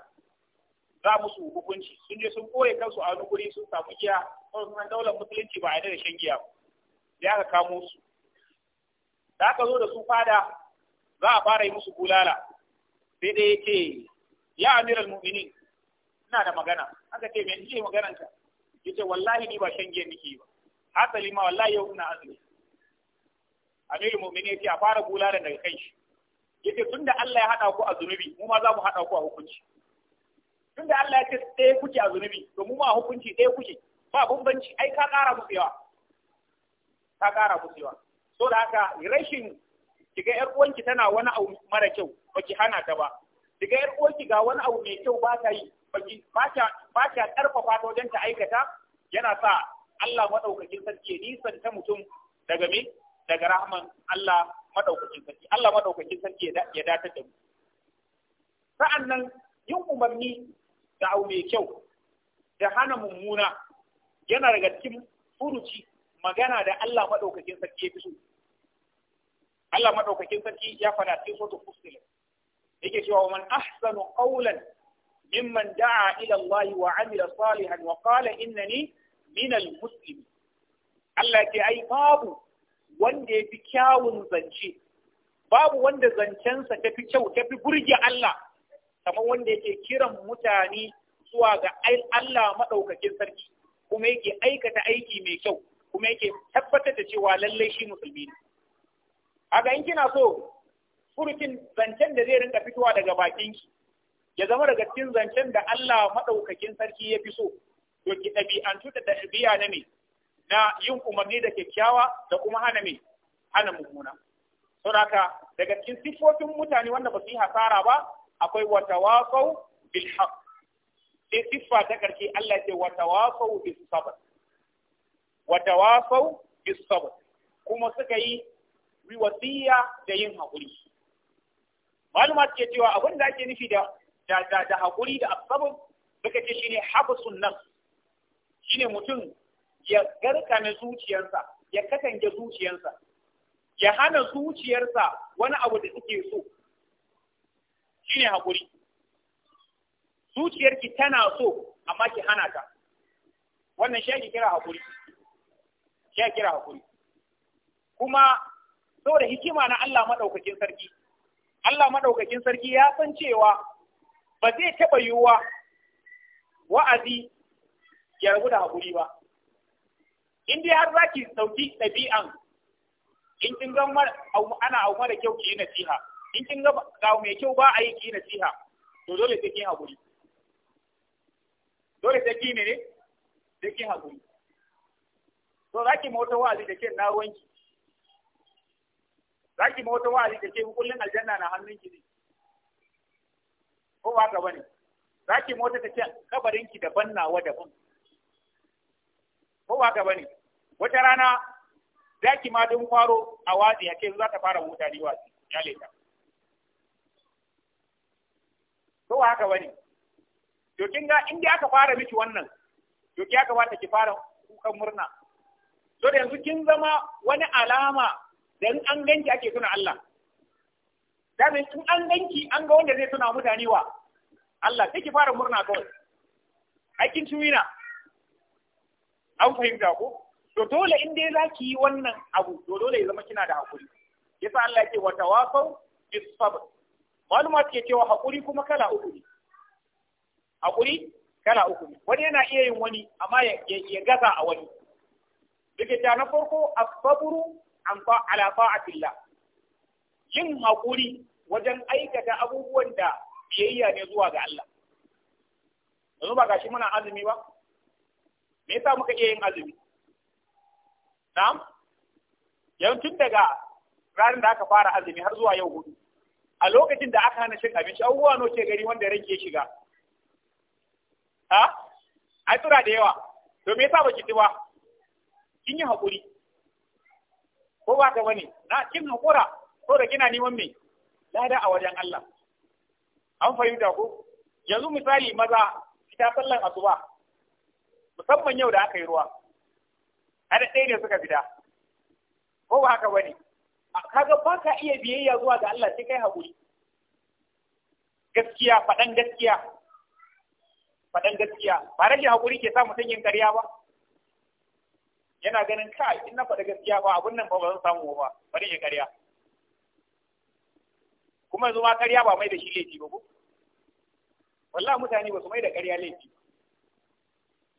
za musu hukunci sun je sun koye kansu a wani guri sun samu giya kawai sun daular musulunci ba a yi da shan giya Ya aka kamo su da aka zo da su fada za a fara yi musu bulala sai dai yake ya amiral mu'minin ina da magana aka ce me nake maganar ka yace wallahi ni ba shan giya ba hasali ma wallahi yau ina azumi amirul mu'minin yace a fara bulala daga kai shi yace tunda Allah ya hada ku a zunubi mu ma za mu hada ku a hukunci tunda Allah ya ce ɗaya kuke a zunubi to mu ma a hukunci ɗaya kuke ba bambanci ai ka ƙara musu yawa ka ƙara musu yawa so da haka rashin kiga yar uwanki tana wani abu mara kyau ba ki hana ta ba daga yar uwarki ga wani abu mai kyau ba ta yi ba ta karfafa ta wajen ta aikata yana sa Allah madaukakin sarki ya ta mutum daga me daga rahman Allah madaukakin sarki Allah madaukakin sarki ya datar da mu sa'annan yin umarni da abu mai kyau da hana mummuna yana daga cikin furuci magana da Allah maɗaukakin sarki ya fi so. Allah maɗaukakin sarki ya faɗa cikin sotu fusilin. yake cewa man ahsanu qawlan mimman da'a ila Allah wa amila salihan wa qala innani min al Allah ke ai babu wanda ya fi kyawun zance babu wanda zancensa tafi kyau tafi burge Allah kamar wanda yake kiran mutane zuwa ga Allah maɗaukakin sarki kuma yake aikata aiki mai kyau kuma yake tabbatar da cewa lallai shi musulmi ne. Haka in kina so furucin zancen da zai rinka fitowa daga bakin ki ya zama daga cikin zancen da Allah madaukakin sarki ya fi so to ki ɗabi'antu da ɗabi'a na me na yin umarni da kyakkyawa da kuma hana me hana mummuna saboda daga cikin sifofin mutane wanda ba su yi hasara ba akwai watawasau bil haqq sai siffa ta karshe Allah ce watawasau bis sabr watawasau bis sabr kuma suka yi wasiya da yin haƙuri maluma suke cewa abin da ake nufi da da da hakuri da asabun suka ce shine habsun nan shine mutum ya garka na zuciyarsa ya katange zuciyarsa ya hana zuciyarsa wani abu da suke so shine hakuri zuciyarki tana so amma ki hana ta wannan shi kira hakuri shi kira hakuri kuma saboda hikima na Allah madaukakin sarki Allah maɗaukakin sarki ya san cewa ba zai taɓa yiwuwa wa'azi ya rabu da haƙuri ba. In dai har za ki sauki ɗabi'an in kin ga ana abu mara kyau ki yi nasiha, in kin ga mai kyau ba a yi ki yi nasiha, to dole sai kin haƙuri. Dole sai ki ne ne? Sai kin haƙuri. To za ki mota wa'azi da ke na ruwanki. za ki ma wata wa'azi ta kullun aljanna na hannun ki ne ko ba ka bane za ki ma wata ta ce kabarin ki daban nawa daban ko ba ka bane wata rana za ki ma don faro a wazi a ke za ta fara ni wazi ya leta ko ba haka bane to kin ga in aka fara miki wannan to ki aka fara ki fara kukan murna to da yanzu kin zama wani alama dan an ganki ake tuna Allah Da mai in an ganki an ga wanda zai tuna mutane wa Allah sai ki fara murna kawai aikin ciwina an fahimta ko to dole in dai za ki yi wannan abu to dole ya zama kina da hakuri yasa Allah yake wa tawasau is sabr maluma ke cewa hakuri kuma kala uku ne hakuri kala uku ne wani yana iya yin wani amma ya gaza a wani duk na farko asabru an fa ala yin hakuri wajen aikata abubuwan da biyayya ne zuwa ga Allah yanzu ba gashi muna azumi ba me yasa muka iya yin azumi na'am yawancin daga ranar da aka fara azumi har zuwa yau hudu a lokacin da aka hana shin abinci abubuwa no ke gari wanda rage shiga ha ai tura da yawa to me yasa ba ki ba kin yi hakuri ko ba ka wani na kin hukura ko da kina neman me lada a wajen Allah an fahimta ko yanzu misali maza fita sallan asuba musamman yau da aka yi ruwa har ɗaya ne suka fita ko ba haka bane kaga ba ka iya biyayya zuwa ga Allah sai kai hakuri gaskiya faɗan gaskiya faɗan gaskiya ba rage hakuri ke sa mutum yin ƙarya ba yana ganin kai in na faɗi gaskiya ba abun nan ba ba zan samu ba bari ya ƙarya. kuma yanzu ma karya ba mai da shi laifi ba ko wallahi mutane ba su mai da karya laifi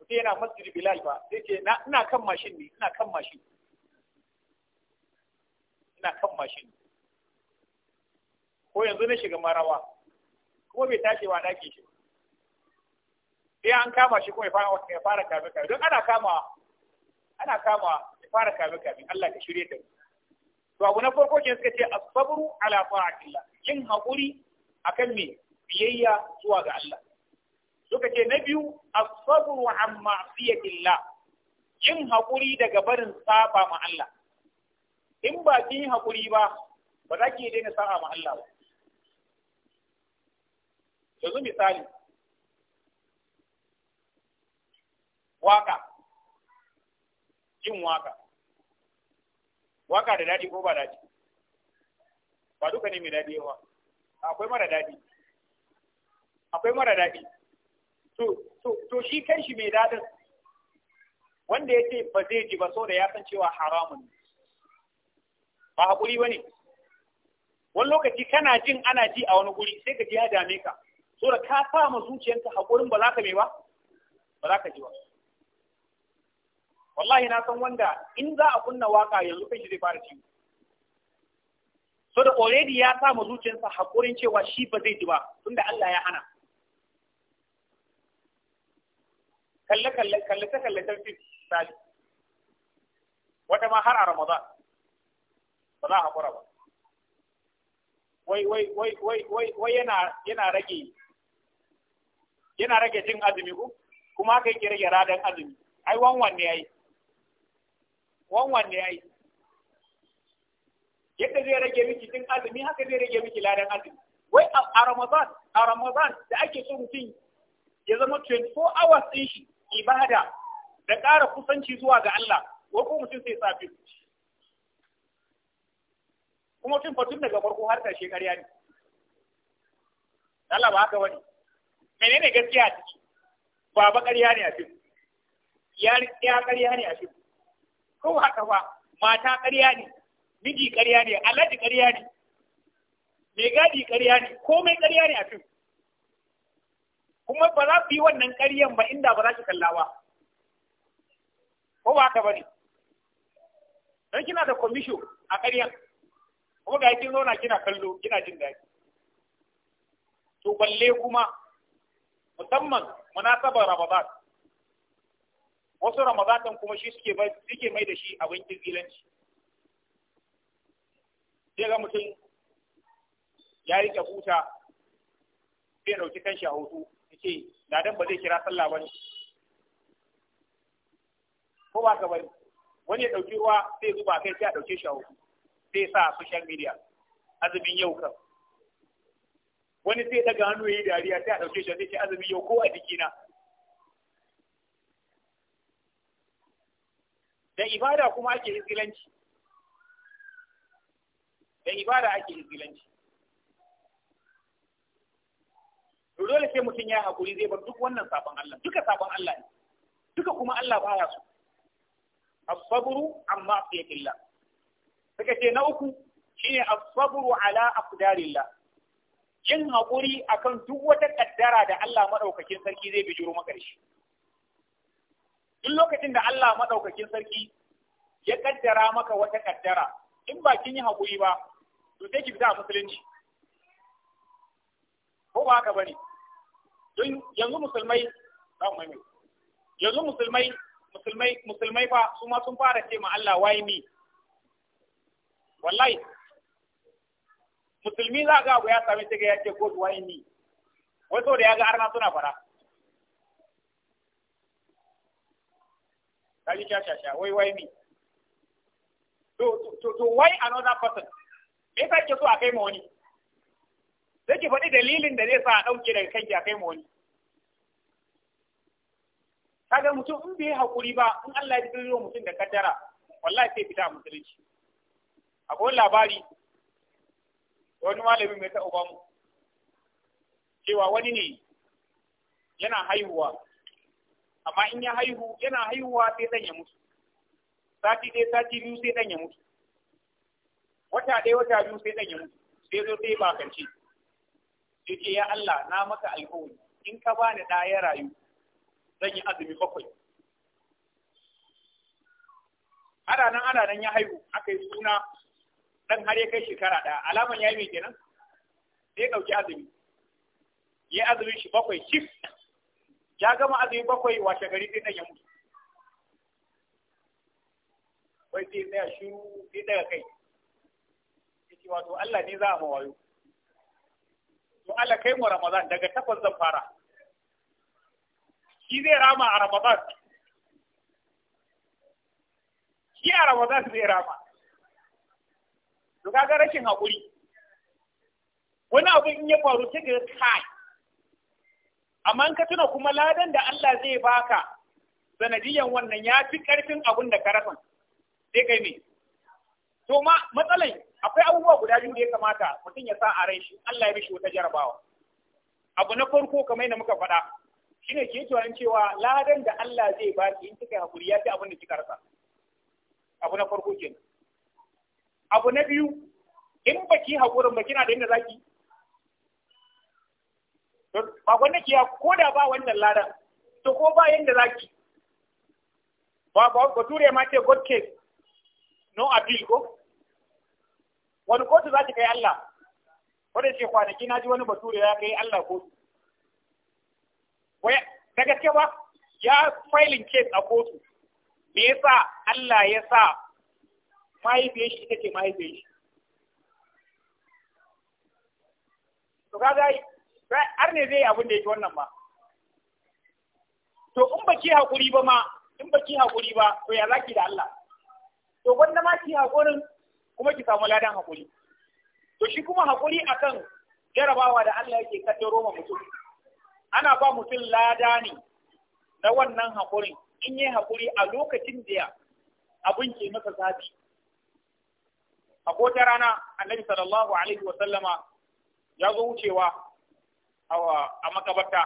sai yana masjid bilal ba sai ce ina kan mashin ne ina kan mashin ina kan mashin ko yanzu na shiga marawa kuma bai tashi wa ɗaki shi sai an kama shi kuma ya fara kame kame don ana kama ana kama ya fara kame kame Allah ka shirye da to abu na farko ke suka ce asabru ala fa'ila yin hakuri akan me biyayya zuwa ga Allah suka ce na biyu asabru an ma'siyatillah yin hakuri daga barin saba ma Allah in ba kin hakuri ba ba za ki daina saba ma Allah ba yanzu misali waka Yin waka waka da daɗi ko ba daɗi ba duka ne mai daɗi yawa akwai mara daɗi akwai mara daɗi to to to shi shi mai daɗin wanda ya ce ba zai ji ba saboda da ya san cewa haramun ba haƙuri ba ne wani lokaci kana jin ana ji a wani guri sai ka ji ya dame ka saboda da ka sa ma zuciyarka haƙurin ba za ka mai ba ba za ka ji ba wallahi na san wanda in za a kunna waka yanzu kai shi zai fara ciwo so da already ya sa mu zuciyarsa hakurin cewa shi ba zai ji ba tunda Allah ya hana kalle kalle kalle ta kalle ta fit sali wata ma har a Ramadan ba za a hakura ba wai wai wai wai wai wai yana yana rage yana rage jin azumi ko kuma kai ki rage radan azumi ai wan ne yayi wanwan ne ai yadda zai rage miki din azumi haka zai rage miki ladan azumi wai a Ramadan a Ramadan da ake so mutum ya zama 24 hours din shi ibada da ƙara kusanci zuwa ga Allah wai ko mutum sai safi kuma tun fatun daga farko har ƙarshe ƙarya ne Allah ba haka bane menene gaskiya a ciki ba ba ƙarya ne a fim ya ƙarya ne a fim ko haka ba mata ƙarya ne miji ƙarya ne alhaji ƙarya ne mai gadi ƙarya ne komai ƙarya ne a fim kuma ba za su yi wannan ƙaryan ba inda ba za ki kalla ba ko ba haka ba ne don kina da komisho a ƙaryan kuma ga kin zauna kina kallo kina jin daɗi to balle kuma musamman munasabar ramadan wasu ramadan kuma shi suke suke mai da shi abin kizilanci sai ga mutum ya yi huta zai dauki kanshi a hutu na dan ba zai kira sallah bane ko ba ka bari wani ya dauki ruwa sai zuba kai sai a dauke shi a hutu sai sa social media azumin yau kan wani sai daga hannu yayi dariya sai a dauke shi sai ce azumin yau ko a jikina da ibada kuma ake izgilanci da ibada ake izgilanci dole sai mutum ya haƙuri zai bar duk wannan sabon Allah duka sabon Allah ne duka kuma Allah baya su as-sabru amma fiyatillah suka ce na uku shine as-sabru ala aqdarillah yin haƙuri akan duk wata kaddara da Allah madaukakin sarki zai bijiro maka shi in lokacin da Allah madaukakin sarki ya kaddara maka wata kaddara in ba kin yi hakuri ba to sai ki fita a musulunci ko ba haka bane don yanzu musulmai ba mu mai yanzu musulmai musulmai musulmai fa su ma sun fara ce ma Allah why me wallahi musulmi za ga abu ya sami shiga ga yake god why me wato saboda ya ga arna suna fara kaji sha sha sha wai wai me to to to why another person me yasa ke so a kai ma wani sai ki faɗi dalilin da zai sa a ɗauke daga kanki a kai ma wani kaga mutum in bai hakuri ba in Allah ya tsiro mutum da kaddara wallahi sai fita musulunci akwai labari wani malamin mai taɓa mu cewa wani ne yana haihuwa amma in ya haihu yana haihuwa sai dan ya mutu sati ɗaya sati biyu sai dan ya mutu wata ɗaya wata biyu sai dan ya mutu sai zo sai bakance sai ce ya Allah na maka alƙawari in ka bani ɗa ya rayu zan yi azumi bakwai ana nan ana nan ya haihu aka yi suna dan har ya kai shekara ɗaya alaman ya yi mai kenan sai ɗauki azumi ya azumi shi bakwai cif ya gama azumi bakwai washe gari sai dan ya mutu wai sai tsaya shiru sai daga kai yace wato Allah ne za a mawayo to Allah kai mu Ramadan daga takwas zan fara shi zai rama a Ramadan shi a Ramadan zai rama to kaga rashin haƙuri. wani abu in ya faru sai ka kai amma in ka tuna kuma ladan da Allah zai baka sanadiyan wannan ya fi karfin abun da ka rasa sai kai me to ma matsalai akwai abubuwa guda biyu da ya kamata mutum ya sa a rai shi Allah ya bishi wata jarabawa abu na farko kamar yadda muka faɗa shine ke tunanin cewa ladan da Allah zai baki in kika hakuri ya fi abin da kika rasa abu na farko kenan abu na biyu in baki hakurin ba kina da inda zaki ba wanda ke ko da ba wannan ladan to ko ba yanda zaki ba ba bature ma ce god case no appeal ko wani kotu za ta kai Allah wanda ce kwanaki na ji wani bature ya kai Allah kotu waya da gaske ba ya filing case a kotu me yasa Allah ya sa mahaifiyar shi take mahaifiyar shi to kaga har ne zai abin da yake wannan ba to in baki hakuri ba ma in baki hakuri ba to ya zaki da Allah to wanda ma ki hakurin kuma ki samu ladan hakuri to shi kuma hakuri akan jarabawa da Allah yake kaddaro Roma mutum ana ba mutum lada ne na wannan haƙurin. in yi hakuri a lokacin da ya abin ke masa zafi a kota rana annabi sallallahu alaihi wa sallama ya zo wucewa a makabarta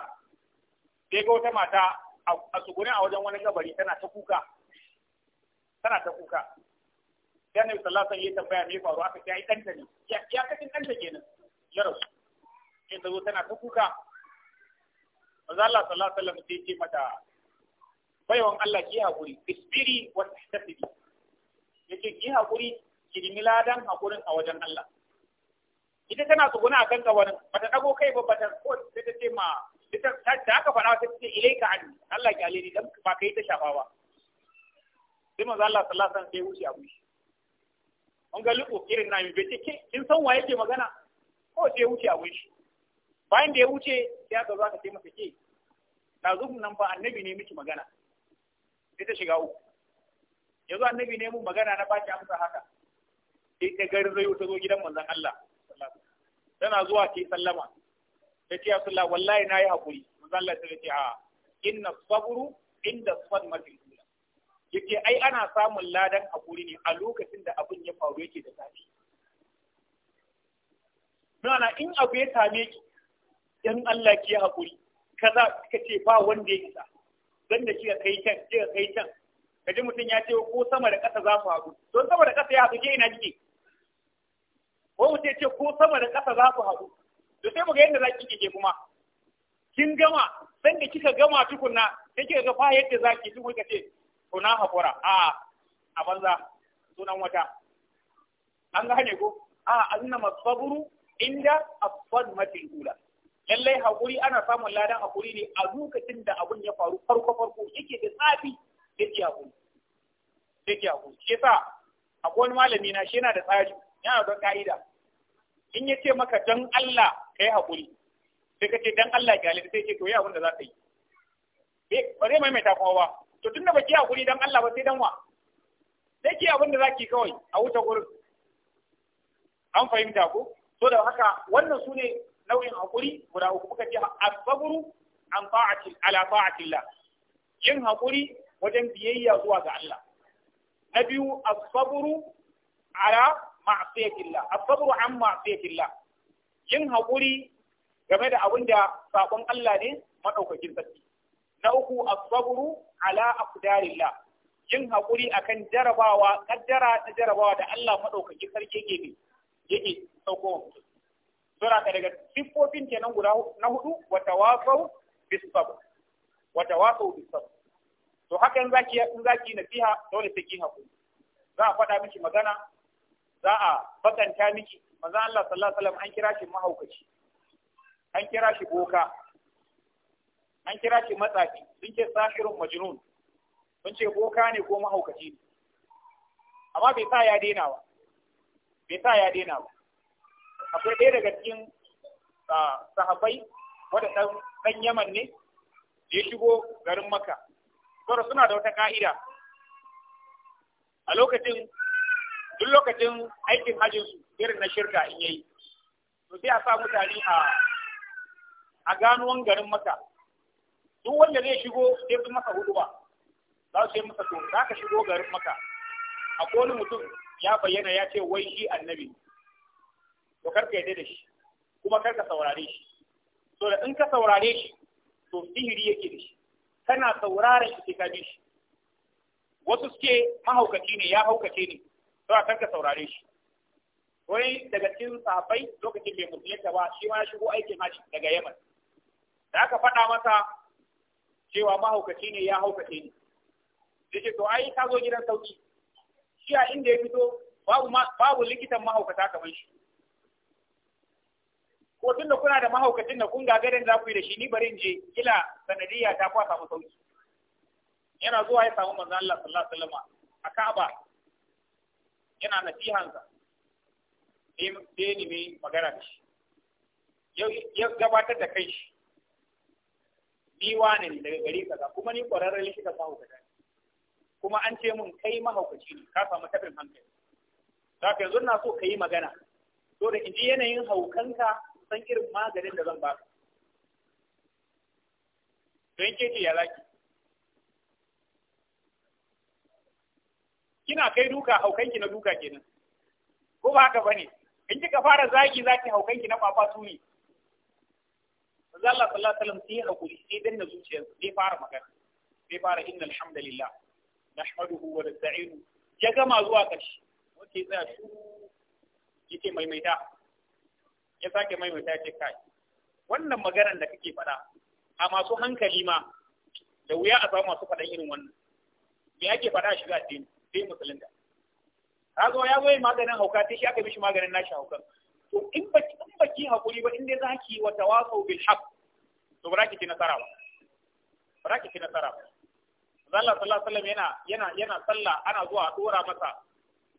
sai ga wata mata a tsugunin a wajen wani gabari tana ta kuka tana ta kuka ya ne sallallahu alaihi yi ya tambaya me faru aka ce ai danta ne ya kacin danta kenan ya rasu sai ta zo tana ta kuka manzo Allah sallallahu alaihi wasallam sai ce mata baiwan Allah ki hakuri isbiri wa tahtasibi yake ki hakuri ki nemi ladan hakurin a wajen Allah ita tana tsuguna a kan ba bata dago kai ba ta ko sai ta ce ma ita da aka faɗa ta ce ilaika an Allah ki alheri dan ba kai ta shafa ba sai manzo Allah sallallahu alaihi wasallam sai wuce abu an ga luko irin nayi bai ce kin san wa yake magana ko sai wuce a shi bayan da ya wuce sai aka zo aka ce masa ke ɗazun nan ba annabi ne miki magana sai ta shiga uku yanzu annabi ne mun magana na baki amsa haka sai ta yi ta zo gidan manzon Allah sallallahu tana zuwa ke sallama ta ce ya sallah wallahi na yi haƙuri manzo Allah ta ce a inna sabru inda sadmatil Ya ce ai ana samun ladan haƙuri ne a lokacin da abin ya faru yake da zafi Nana in abu ya same ki in Allah ki yi haƙuri kaza ka ce ba wanda ya isa zan da kika kai can kika kai can kaji mutum ya ce ko sama da ƙasa za su haɗu don sama da ƙasa ya haɗu ke ina kike ko mutum ce ko sama da ƙasa za ku haɗu to sai mu ga yadda za ki kike kuma kin gama san da kika gama tukunna sai kika ga fa yadda za ki tukunna ce to na haƙura a a banza sunan wata an gane ko a anna masaburu inda afwan matin kula. lallai haƙuri ana samun ladan haƙuri ne a lokacin da abun ya faru farko farko yake da tsafi yake haƙuri yake haƙuri shi yasa akwai wani malami na shi yana da tsari yana don ka'ida in ya ce maka don Allah ka yi haƙuri sai ka ce don Allah ya halitta sai ce to yi abin da za ka yi eh, ba zai maimaita kuma ba to tunda ba ki haƙuri don Allah ba sai don wa sai ki abin da za ki kawai a wuta gurin an fahimta ko so da haka wannan su ne nau'in haƙuri guda uku muka ce asaburu an fa'atil ala fa'atillah yin haƙuri wajen biyayya zuwa ga Allah na biyu asaburu ala ma'asiyatillah asabru an ma'asiyatillah yin haƙuri game da abin da sakon Allah ne madaukakin sarki na uku asabru ala aqdarillah yin haƙuri akan jarabawa kaddara ta jarabawa da Allah madaukakin sarki yake ne yake sauko sura ta daga siffofin kenan guda na hudu wa tawasau bis sabr wa tawasau bis sabr to haka in zaki in zaki nasiha dole sai ki haƙuri za a faɗa miki magana za a bakanta miki manzo Allah sallallahu alaihi wasallam an kira shi mahaukaci an kira shi boka an kira shi matsafi sun ce sahirun majnun sun ce boka ne ko mahaukaci ne amma bai sa ya daina ba bai sa ya daina ba akwai ɗaya daga cikin sahabbai wanda dan dan Yaman ne ya shigo garin Makka saboda suna da wata ka'ida a lokacin duk lokacin aikin hajjin su irin na shirka in yayi to sai a sa mutane a a ganuwan garin maka duk wanda zai shigo sai sun masa hudu za su yi masa to za ka shigo garin maka a kowane mutum ya bayyana ya ce wai shi annabi to karka yadda da shi kuma karka saurare shi so da in ka saurare shi to sihiri yake da shi kana sauraren shi sai ka bi shi wasu suke mahaukaci ne ya haukace ne Zuwa a kanka saurare shi wai daga cikin safai lokacin bai musulunta ba shi ma ya shigo aikin shi daga yamma. da aka faɗa masa cewa mahaukaci ne ya haukace ni da ce to ai ka zo gidan sauki shi a inda ya fito babu babu likitan mahaukata kamar shi ko tunda kuna da mahaukacin da kun gagarin za ku yi da shi ni bari in je kila sanadiyya ta kwasa mu sauki yana zuwa ya samu manzo Allah sallallahu alaihi wasallam a Ka'aba yana nasihansa sai ni mai magana da shi ya gabatar da kai shi ni wane ne daga gari kaza kuma ni kwararren likita mahaukata ne kuma an ce mun kai mahaukaci ne ka samu tabin hankali za ka yanzu na so ka yi magana to da in ji yanayin haukanka san irin maganin da zan ba baka don ke ce ya laki kina kai duka haukanki na duka kenan ko ba haka bane in kika fara zagi zaki haukanki na kwakwatu ne manzo Allah sallallahu alaihi wasallam sai hakuri sai danna zuciyarsa sai fara magana sai fara innal hamdalillah nahmaduhu wa nasta'inu ya gama zuwa ƙarshe wace tsaya shi yake maimaita ya sake maimaita ya ce kai wannan maganar da kake faɗa a masu hankali ma da wuya a samu masu faɗan irin wannan me ake faɗa shiga addini sai musulunta kaga ya goyi maganin hauka sai shi aka mishi maganin nashi haukan to in ba in ki hakuri ba in dai ki wa tawasau bil haqq to ba ki ci nasara ba ba ki ci nasara ba Allah sallallahu alaihi wasallam yana yana yana sallah ana zuwa a dora masa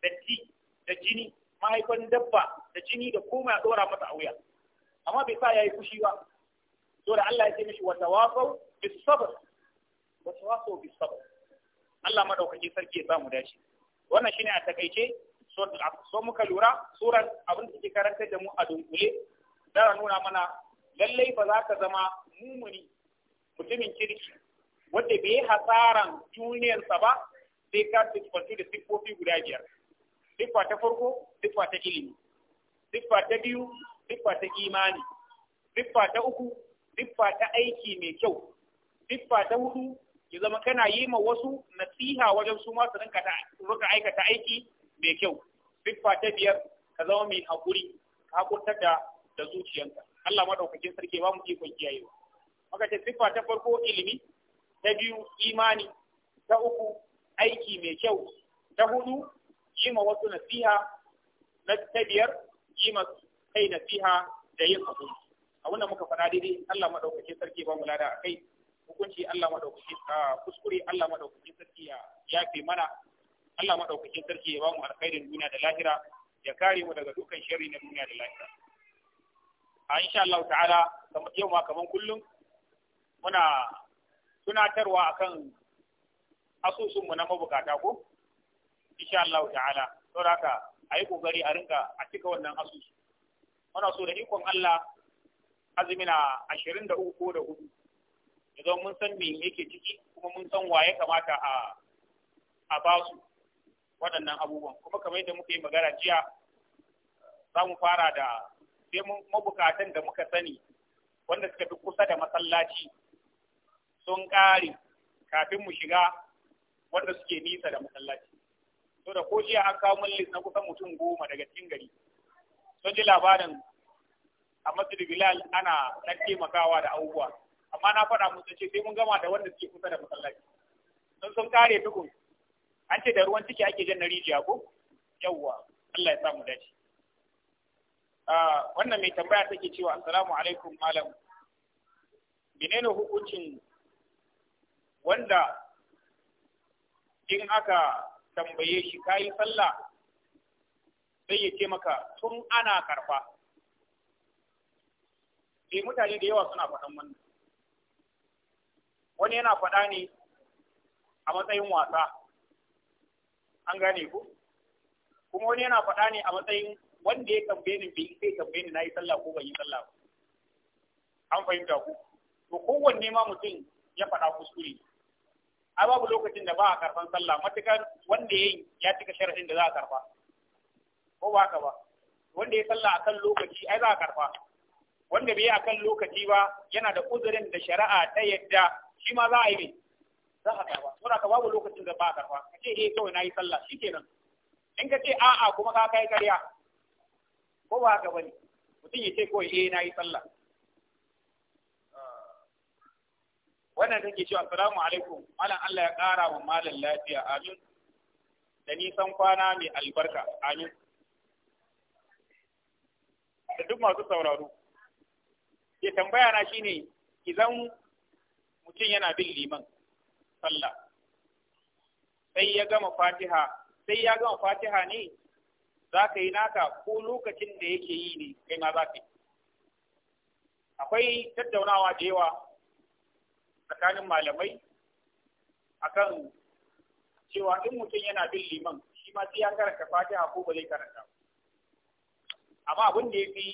datti da jini mahaifan dabba da jini da komai a dora masa a wuya amma bai sa yayi fushi ba to da Allah ya ce mishi wa tawasau bis sabr wa tawasau bis sabr Allah madaukakin sarki ya samu dace wannan shine a takaice so muka lura suran abin da take karantar da mu a dunkule dara nuna mana lallai ba za ka zama mumuni mutumin kirki wanda bai yi hasaran duniyarsa ba sai ka siffantu da siffofi guda biyar siffa ta farko siffa ta ilimi siffa ta biyu siffa ta imani siffa ta uku siffa ta aiki mai kyau siffa ta hudu Ki zama kana yi ma wasu nasiha wajen su ma su rinka aikata aiki mai kyau fitfa ta biyar ka zama mai haƙuri ka haƙurtar da da zuciyanka Allah madaukakin sarki ba mu ikon kiyayewa maka ce siffa ta farko ilimi ta biyu imani ta uku aiki mai kyau ta hudu yi ma wasu nasiha na ta biyar yi ma kai nasiha da yin haƙuri abinda muka faɗa daidai Allah madaukakin sarki ba mu lada a kai hukunci Allah a kuskure Allah maɗaukakin sarki ya yafe mana Allah maɗaukakin sarki ya ba mu alkhairin duniya da lahira ya kare mu daga dukkan sharri na duniya da lahira a insha Allah ta'ala kamar yau ma kaman kullum muna tunatarwa akan asusun mu na mabukata ko insha Allah ta'ala saboda haka ayi kokari a rinka a cika wannan asusu muna so da ikon Allah azumi na 23 ko da hudu ya mun san me yake ciki kuma mun san waye kamata a a ba su waɗannan abubuwan kuma kamar yadda muka yi magana jiya za mu fara da sai mabukatan da muka sani wanda suka fi kusa da masallaci sun ƙare kafin mu shiga wanda suke nisa da masallaci to da ko jiya an kawo mun na kusan mutum goma daga cikin gari sun ji labarin a masjid bilal ana ɗan taimakawa da abubuwa amma na faɗa musu ce sai mun gama da wanda suke kusa da masallaci sun sun kare tukun an ce da ruwan ciki ake jan na rijiya ko yawwa Allah ya samu dace ah, wannan mai tambaya take cewa assalamu alaikum malam menene hukuncin wanda in aka tambaye shi kayi sallah sai ya ce maka tun ana karfa sai eh, mutane da yawa suna faɗan wannan wani yana faɗa ne a matsayin wasa an gane ku kuma wani yana faɗa ne a matsayin wanda ya tambaye ni bai sai tambaye ni nayi sallah ko ban yi sallah ba an fahimta ku to kowanne ma mutum ya faɗa kuskure ai babu lokacin da ba a karfan sallah matukan wanda yayi ya cika sharadin da za a karfa. ko ba ka ba wanda ya sallah akan lokaci ai za a karfa. wanda bai akan lokaci ba yana da uzurin da shari'a ta yadda shi ma za a yi ne za a karba saboda ka babu lokacin da ba a karba ka ce eh kawai na yi sallah shi kenan in ka ce a'a kuma ka kai karya ko ba ka bane mutum ya ce kawai eh na yi sallah wannan take cewa assalamu alaikum malam Allah ya kara wa malam lafiya amin da nisan kwana mai albarka amin da duk masu sauraro ke tambaya na shine idan mutum yana bin liman sallah sai ya gama fatiha sai ya gama fatiha ne za ka yi naka ko lokacin da yake yi ne kai ma za ka yi akwai tattaunawa da yawa tsakanin malamai akan cewa in mutum yana bin liman shi ma sai ya karanta fatiha ko ba zai karanta amma abin da ya fi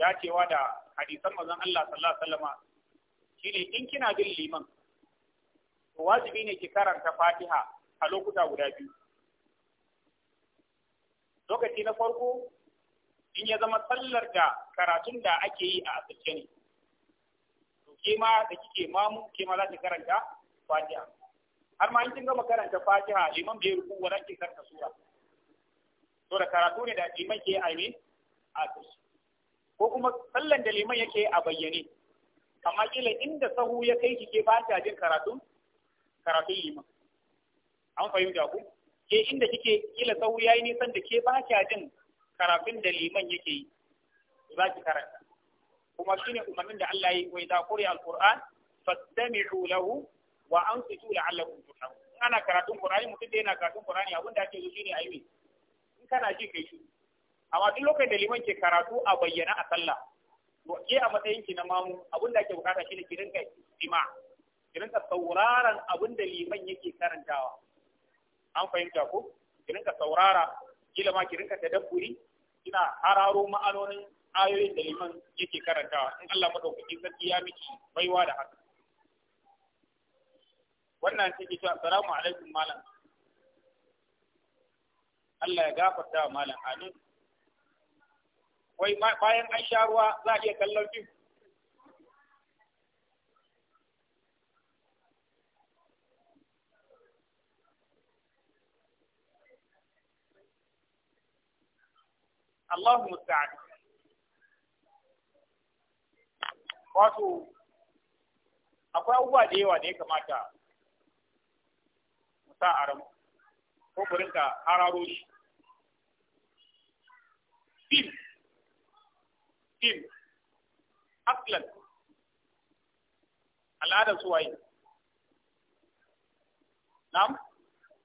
dacewa da hadisan mazan Allah sallallahu alaihi wasallama shine in kina bin liman wajibi ne ki karanta Fatiha a lokuta guda biyu lokaci na farko in ya zama sallar da karatun da ake yi a asirce ne to ke ma da kike mamu ke ma za ki karanta Fatiha har ma in kin gama karanta Fatiha liman bai ruku wa ki karanta sura to da karatu ne da liman ke yi a asirce ko kuma sallan da liman yake a bayyane amma kila inda sahu ya kai ki ke ba ta jin karatu karatun ma an fahimta ku ke inda kike kila sahu yayi nisan da ke ba ta jin karatun da liman yake yi za ki karanta kuma shine umarnin da Allah yi wa idza quriya alquran fastami'u lahu wa ansitu la'allakum turhamun ana karatun qur'ani mutum da yana karatun qur'ani abin da ake so shine ayi in kana ji kai shi amma duk lokacin da liman ke karatu a bayyana a sallah ke a matsayin ki na mamu abin da ake bukata shine ki rinka ima ki rinka sauraron abin da liman yake karantawa an fahimta ko ki rinka saurara kila ma ki rinka tadabburi kina hararo ma'anonin ayoyin da liman yake karantawa in Allah madaukakin sarki ya miki baiwa da haka wannan take cewa assalamu alaikum malam Allah ya gafarta malam amin wai bayan an sha ruwa za a iya kallon fim Allahumma sa'ad. wato akwai abubuwa da yawa da ya kamata mu sa a ranmu ko ku hararoshi. hararo shi din aslan al'adar su waye na'am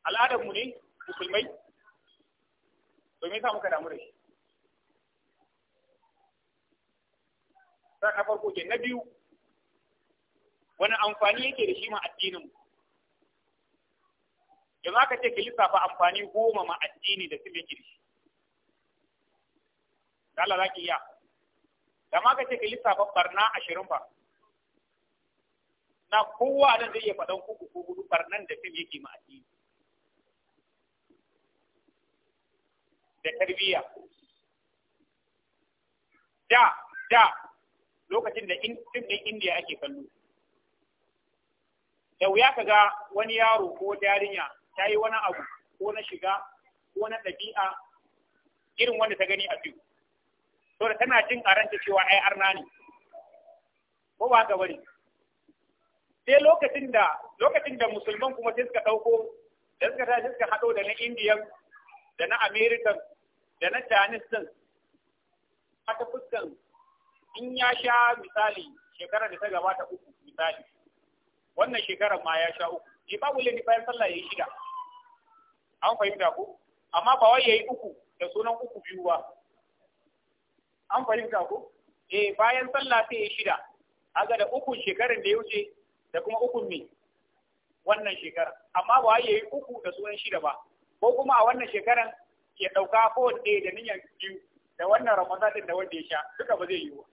al'adar mu ne musulmai to me yasa muka damu da shi sai na farko ke na biyu wani amfani yake da shi ma addinin za ka ce ki lissafa amfani goma ma addini da su da shi Allah za ki iya da ma ka ce ka lissafa barna ashirin ba na kowa nan zai iya faɗan kuku ko hudu barnan da fim yake ma da tarbiyya da da lokacin da fim ɗin indiya ake kallo da wuya ka ga wani yaro ko yarinya ta yi wani abu ko na shiga ko na ɗabi'a irin wanda ta gani a fim to da tana jin a ranta cewa ai arna ne ko ba ka bari sai lokacin da lokacin da musulman kuma sai suka dauko da suka tashi suka hado da na indiyan da na american da na chinese din aka fuskan in ya sha misali shekarar da ta gabata uku misali wannan shekarar ma ya sha uku ni babu laifi bayan sallah yayi shida an fahimta ku amma ba wai yayi uku da sunan uku biyu ba an fahimta ko eh bayan sallah sai ya shida aga da ukun shekarun da ya wuce da kuma uku me wannan shekarar amma ba ya yi uku da sunan shida ba ko kuma a wannan shekarar ya dauka kowanne ɗaya da niyyar biyu da wannan ramadan din da wanda ya sha duka ba zai yi ba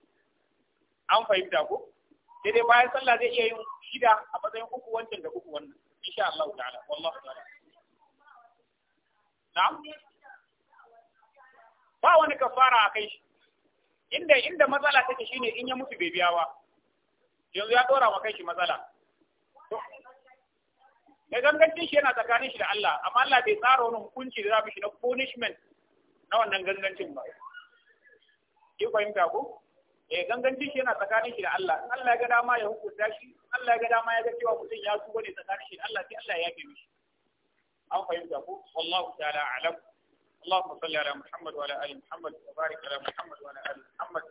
an fahimta ko sai dai bayan sallah zai iya yin shida a matsayin uku wancan da uku wannan insha Allah ta'ala wallahi ta'ala na'am ba wani kafara a kai shi inda inda matsala take shine in ya mutu bai biyawa, yanzu ya dora wa shi matsala da gangancin shi yana tsakanin shi da Allah amma Allah bai tsara wani hukunci da za mu shi na punishment na wannan gangancin ba ki fahimta ko eh gangancin shi yana tsakanin shi da Allah in Allah ya ga dama ya hukunta shi Allah ya ga dama ya ga cewa mutum ya tuba ne tsakanin shi da Allah sai Allah ya yafe mishi an fahimta ko wallahu ta'ala alam اللهم صل على محمد وعلى آل محمد وبارك على محمد وعلى آل محمد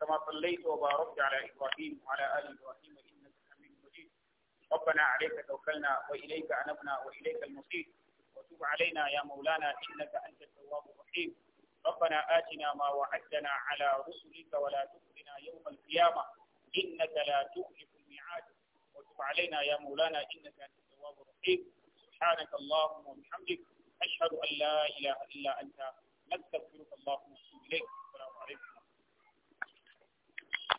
كما صليت وباركت على إبراهيم وعلى آل إبراهيم إنك حميد مجيد ربنا عليك توكلنا وإليك أنبنا وإليك المصير وتب علينا يا مولانا إنك أنت التواب الرحيم ربنا آتنا ما وعدتنا على رسلك ولا تخزنا يوم القيامة إنك لا تخلف الميعاد وتب علينا يا مولانا إنك أنت التواب الرحيم سبحانك اللهم وبحمدك أشهد أن لا إله إلا أنت نستغفرك اللهم ونتوب إليك